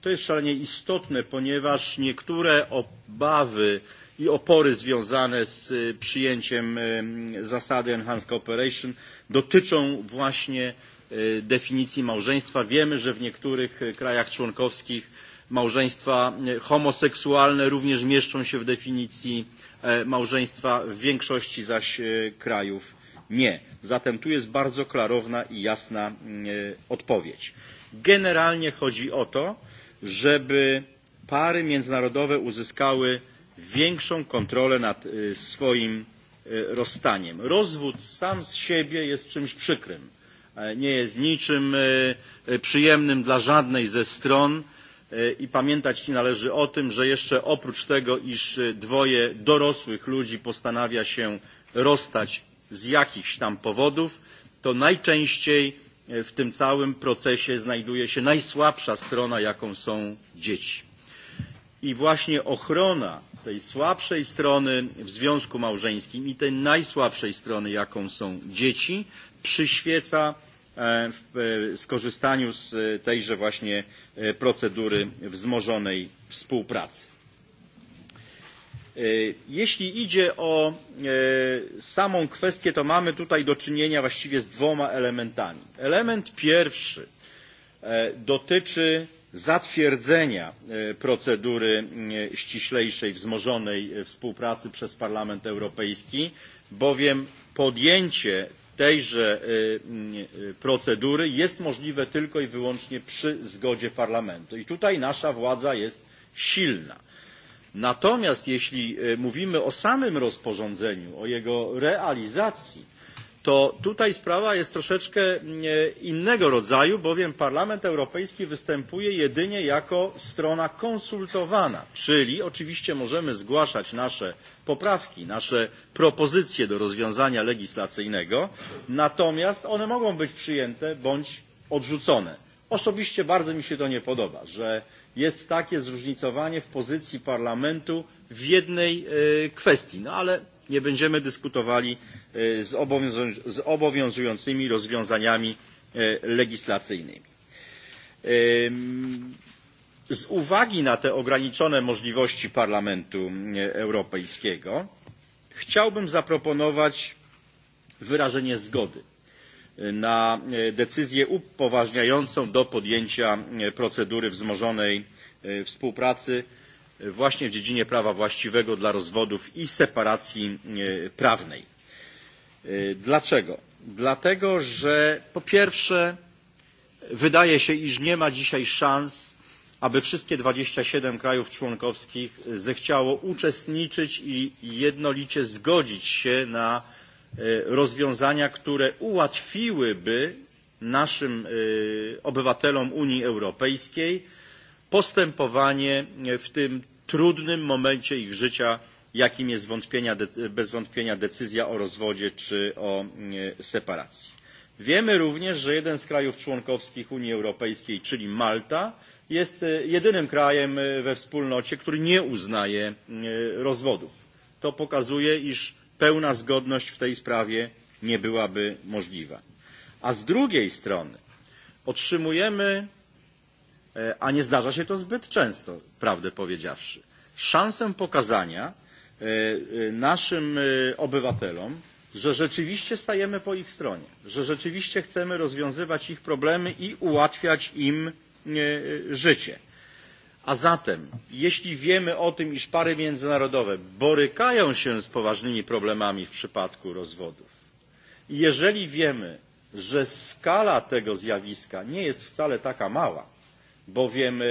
To jest szalenie istotne, ponieważ niektóre obawy i opory związane z przyjęciem zasady Enhanced Cooperation dotyczą właśnie definicji małżeństwa. Wiemy, że w niektórych krajach członkowskich małżeństwa homoseksualne również mieszczą się w definicji małżeństwa, w większości zaś krajów nie. Zatem tu jest bardzo klarowna i jasna odpowiedź. Generalnie chodzi o to, żeby pary międzynarodowe uzyskały większą kontrolę nad swoim rozstaniem. Rozwód sam z siebie jest czymś przykrym. Nie jest niczym przyjemnym dla żadnej ze stron i pamiętać należy o tym, że jeszcze oprócz tego, iż dwoje dorosłych ludzi postanawia się rozstać z jakichś tam powodów, to najczęściej w tym całym procesie znajduje się najsłabsza strona, jaką są dzieci. I właśnie ochrona tej słabszej strony w związku małżeńskim i tej najsłabszej strony, jaką są dzieci, przyświeca w skorzystaniu z tejże właśnie procedury wzmożonej współpracy. Jeśli idzie o samą kwestię, to mamy tutaj do czynienia właściwie z dwoma elementami. Element pierwszy dotyczy zatwierdzenia procedury ściślejszej, wzmożonej współpracy przez Parlament Europejski, bowiem podjęcie tejże procedury jest możliwe tylko i wyłącznie przy zgodzie Parlamentu. I tutaj nasza władza jest silna Natomiast jeśli mówimy o samym rozporządzeniu, o jego realizacji, to tutaj sprawa jest troszeczkę innego rodzaju, bowiem Parlament Europejski występuje jedynie jako strona konsultowana, czyli oczywiście możemy zgłaszać nasze poprawki, nasze propozycje do rozwiązania legislacyjnego, natomiast one mogą być przyjęte bądź odrzucone. Osobiście bardzo mi się to nie podoba, że jest takie zróżnicowanie w pozycji Parlamentu w jednej kwestii. No ale nie będziemy dyskutowali z obowiązującymi rozwiązaniami legislacyjnymi. Z uwagi na te ograniczone możliwości Parlamentu Europejskiego chciałbym zaproponować wyrażenie zgody na decyzję upoważniającą do podjęcia procedury wzmożonej współpracy właśnie w dziedzinie prawa właściwego dla rozwodów i separacji prawnej. Dlaczego? Dlatego, że po pierwsze wydaje się, iż nie ma dzisiaj szans, aby wszystkie dwadzieścia siedem krajów członkowskich zechciało uczestniczyć i jednolicie zgodzić się na rozwiązania, które ułatwiłyby naszym obywatelom Unii Europejskiej postępowanie w tym trudnym momencie ich życia, jakim jest bez wątpienia decyzja o rozwodzie czy o separacji. Wiemy również, że jeden z krajów członkowskich Unii Europejskiej, czyli Malta, jest jedynym krajem we wspólnocie, który nie uznaje rozwodów. To pokazuje, iż pełna zgodność w tej sprawie nie byłaby możliwa. A z drugiej strony otrzymujemy, a nie zdarza się to zbyt często, prawdę powiedziawszy, szansę pokazania naszym obywatelom, że rzeczywiście stajemy po ich stronie, że rzeczywiście chcemy rozwiązywać ich problemy i ułatwiać im życie. A zatem, jeśli wiemy o tym, iż pary międzynarodowe borykają się z poważnymi problemami w przypadku rozwodów, i jeżeli wiemy, że skala tego zjawiska nie jest wcale taka mała, bowiem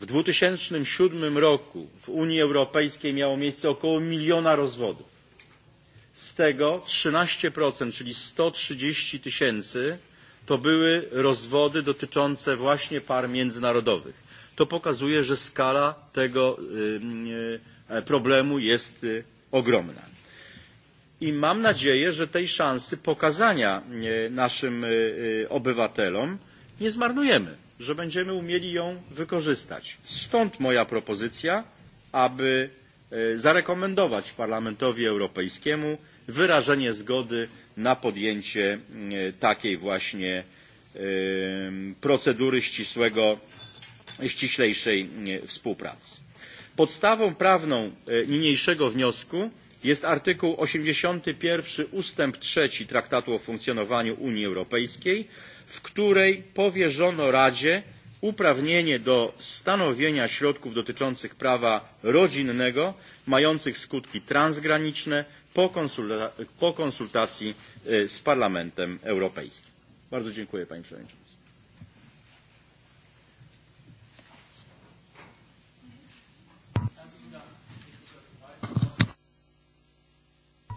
w 2007 roku w Unii Europejskiej miało miejsce około miliona rozwodów. Z tego 13%, czyli 130 tysięcy, to były rozwody dotyczące właśnie par międzynarodowych to pokazuje, że skala tego problemu jest ogromna. I mam nadzieję, że tej szansy pokazania naszym obywatelom nie zmarnujemy, że będziemy umieli ją wykorzystać. Stąd moja propozycja, aby zarekomendować Parlamentowi Europejskiemu wyrażenie zgody na podjęcie takiej właśnie procedury ścisłego ściślejszej współpracy. Podstawą prawną niniejszego wniosku jest artykuł 81 ustęp 3 Traktatu o funkcjonowaniu Unii Europejskiej, w której powierzono Radzie uprawnienie do stanowienia środków dotyczących prawa rodzinnego mających skutki transgraniczne po konsultacji z Parlamentem Europejskim. Bardzo dziękuję Panie Przewodniczący.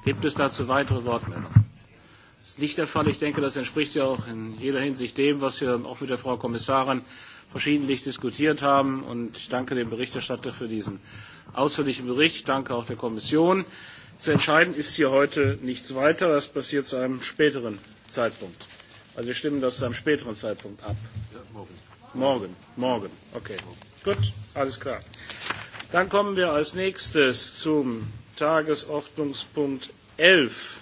Gibt es dazu weitere Wortmeldungen? Das ist nicht der Fall. Ich denke, das entspricht ja auch in jeder Hinsicht dem, was wir auch mit der Frau Kommissarin verschiedentlich diskutiert haben. Und ich danke dem Berichterstatter für diesen ausführlichen Bericht. Ich danke auch der Kommission. Zu entscheiden ist hier heute nichts weiter. Das passiert zu einem späteren Zeitpunkt. Also wir stimmen das zu einem späteren Zeitpunkt ab. morgen. Morgen. Morgen. Okay. Gut, alles klar. Dann kommen wir als nächstes zum Tagesordnungspunkt 11.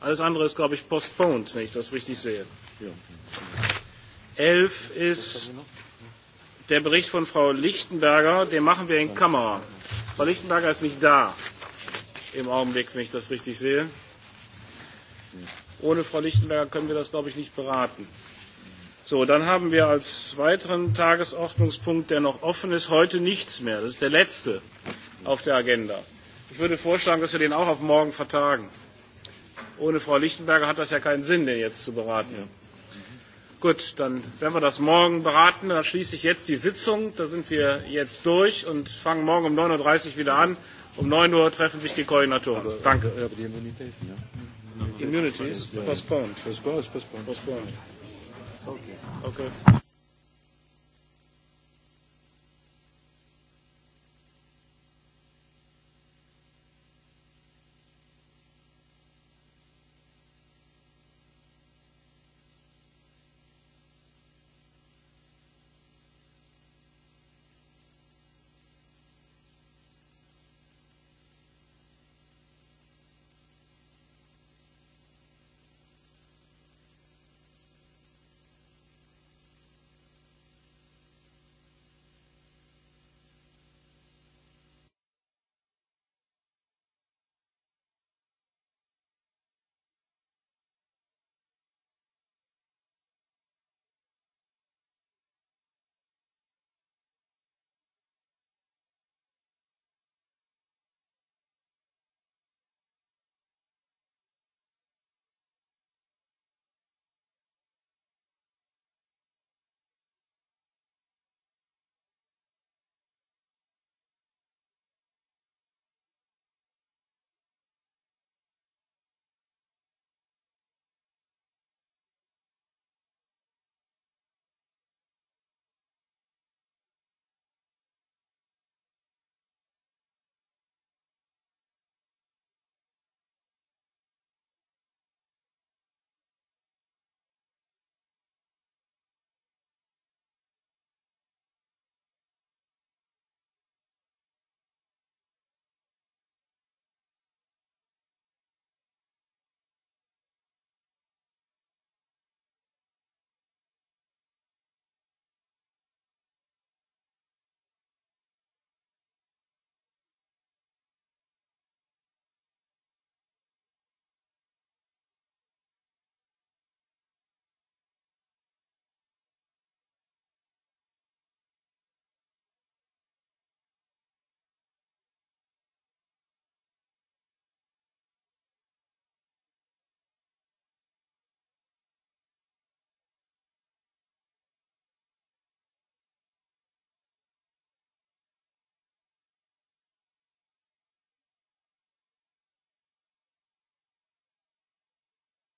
Alles andere ist, glaube ich, postponed, wenn ich das richtig sehe. Elf ist der Bericht von Frau Lichtenberger. Den machen wir in Kamera. Frau Lichtenberger ist nicht da im Augenblick, wenn ich das richtig sehe. Ohne Frau Lichtenberger können wir das, glaube ich, nicht beraten. So, dann haben wir als weiteren Tagesordnungspunkt, der noch offen ist, heute nichts mehr. Das ist der letzte auf der Agenda. Ich würde vorschlagen, dass wir den auch auf morgen vertagen. Ohne Frau Lichtenberger hat das ja keinen Sinn, den jetzt zu beraten. Gut, dann werden wir das morgen beraten. Dann schließe ich jetzt die Sitzung. Da sind wir jetzt durch und fangen morgen um 9.30 Uhr wieder an. Um 9 Uhr treffen sich die Koordinatoren. Danke. Immunities? Postponed. Postponed. Postponed. Okay. okay.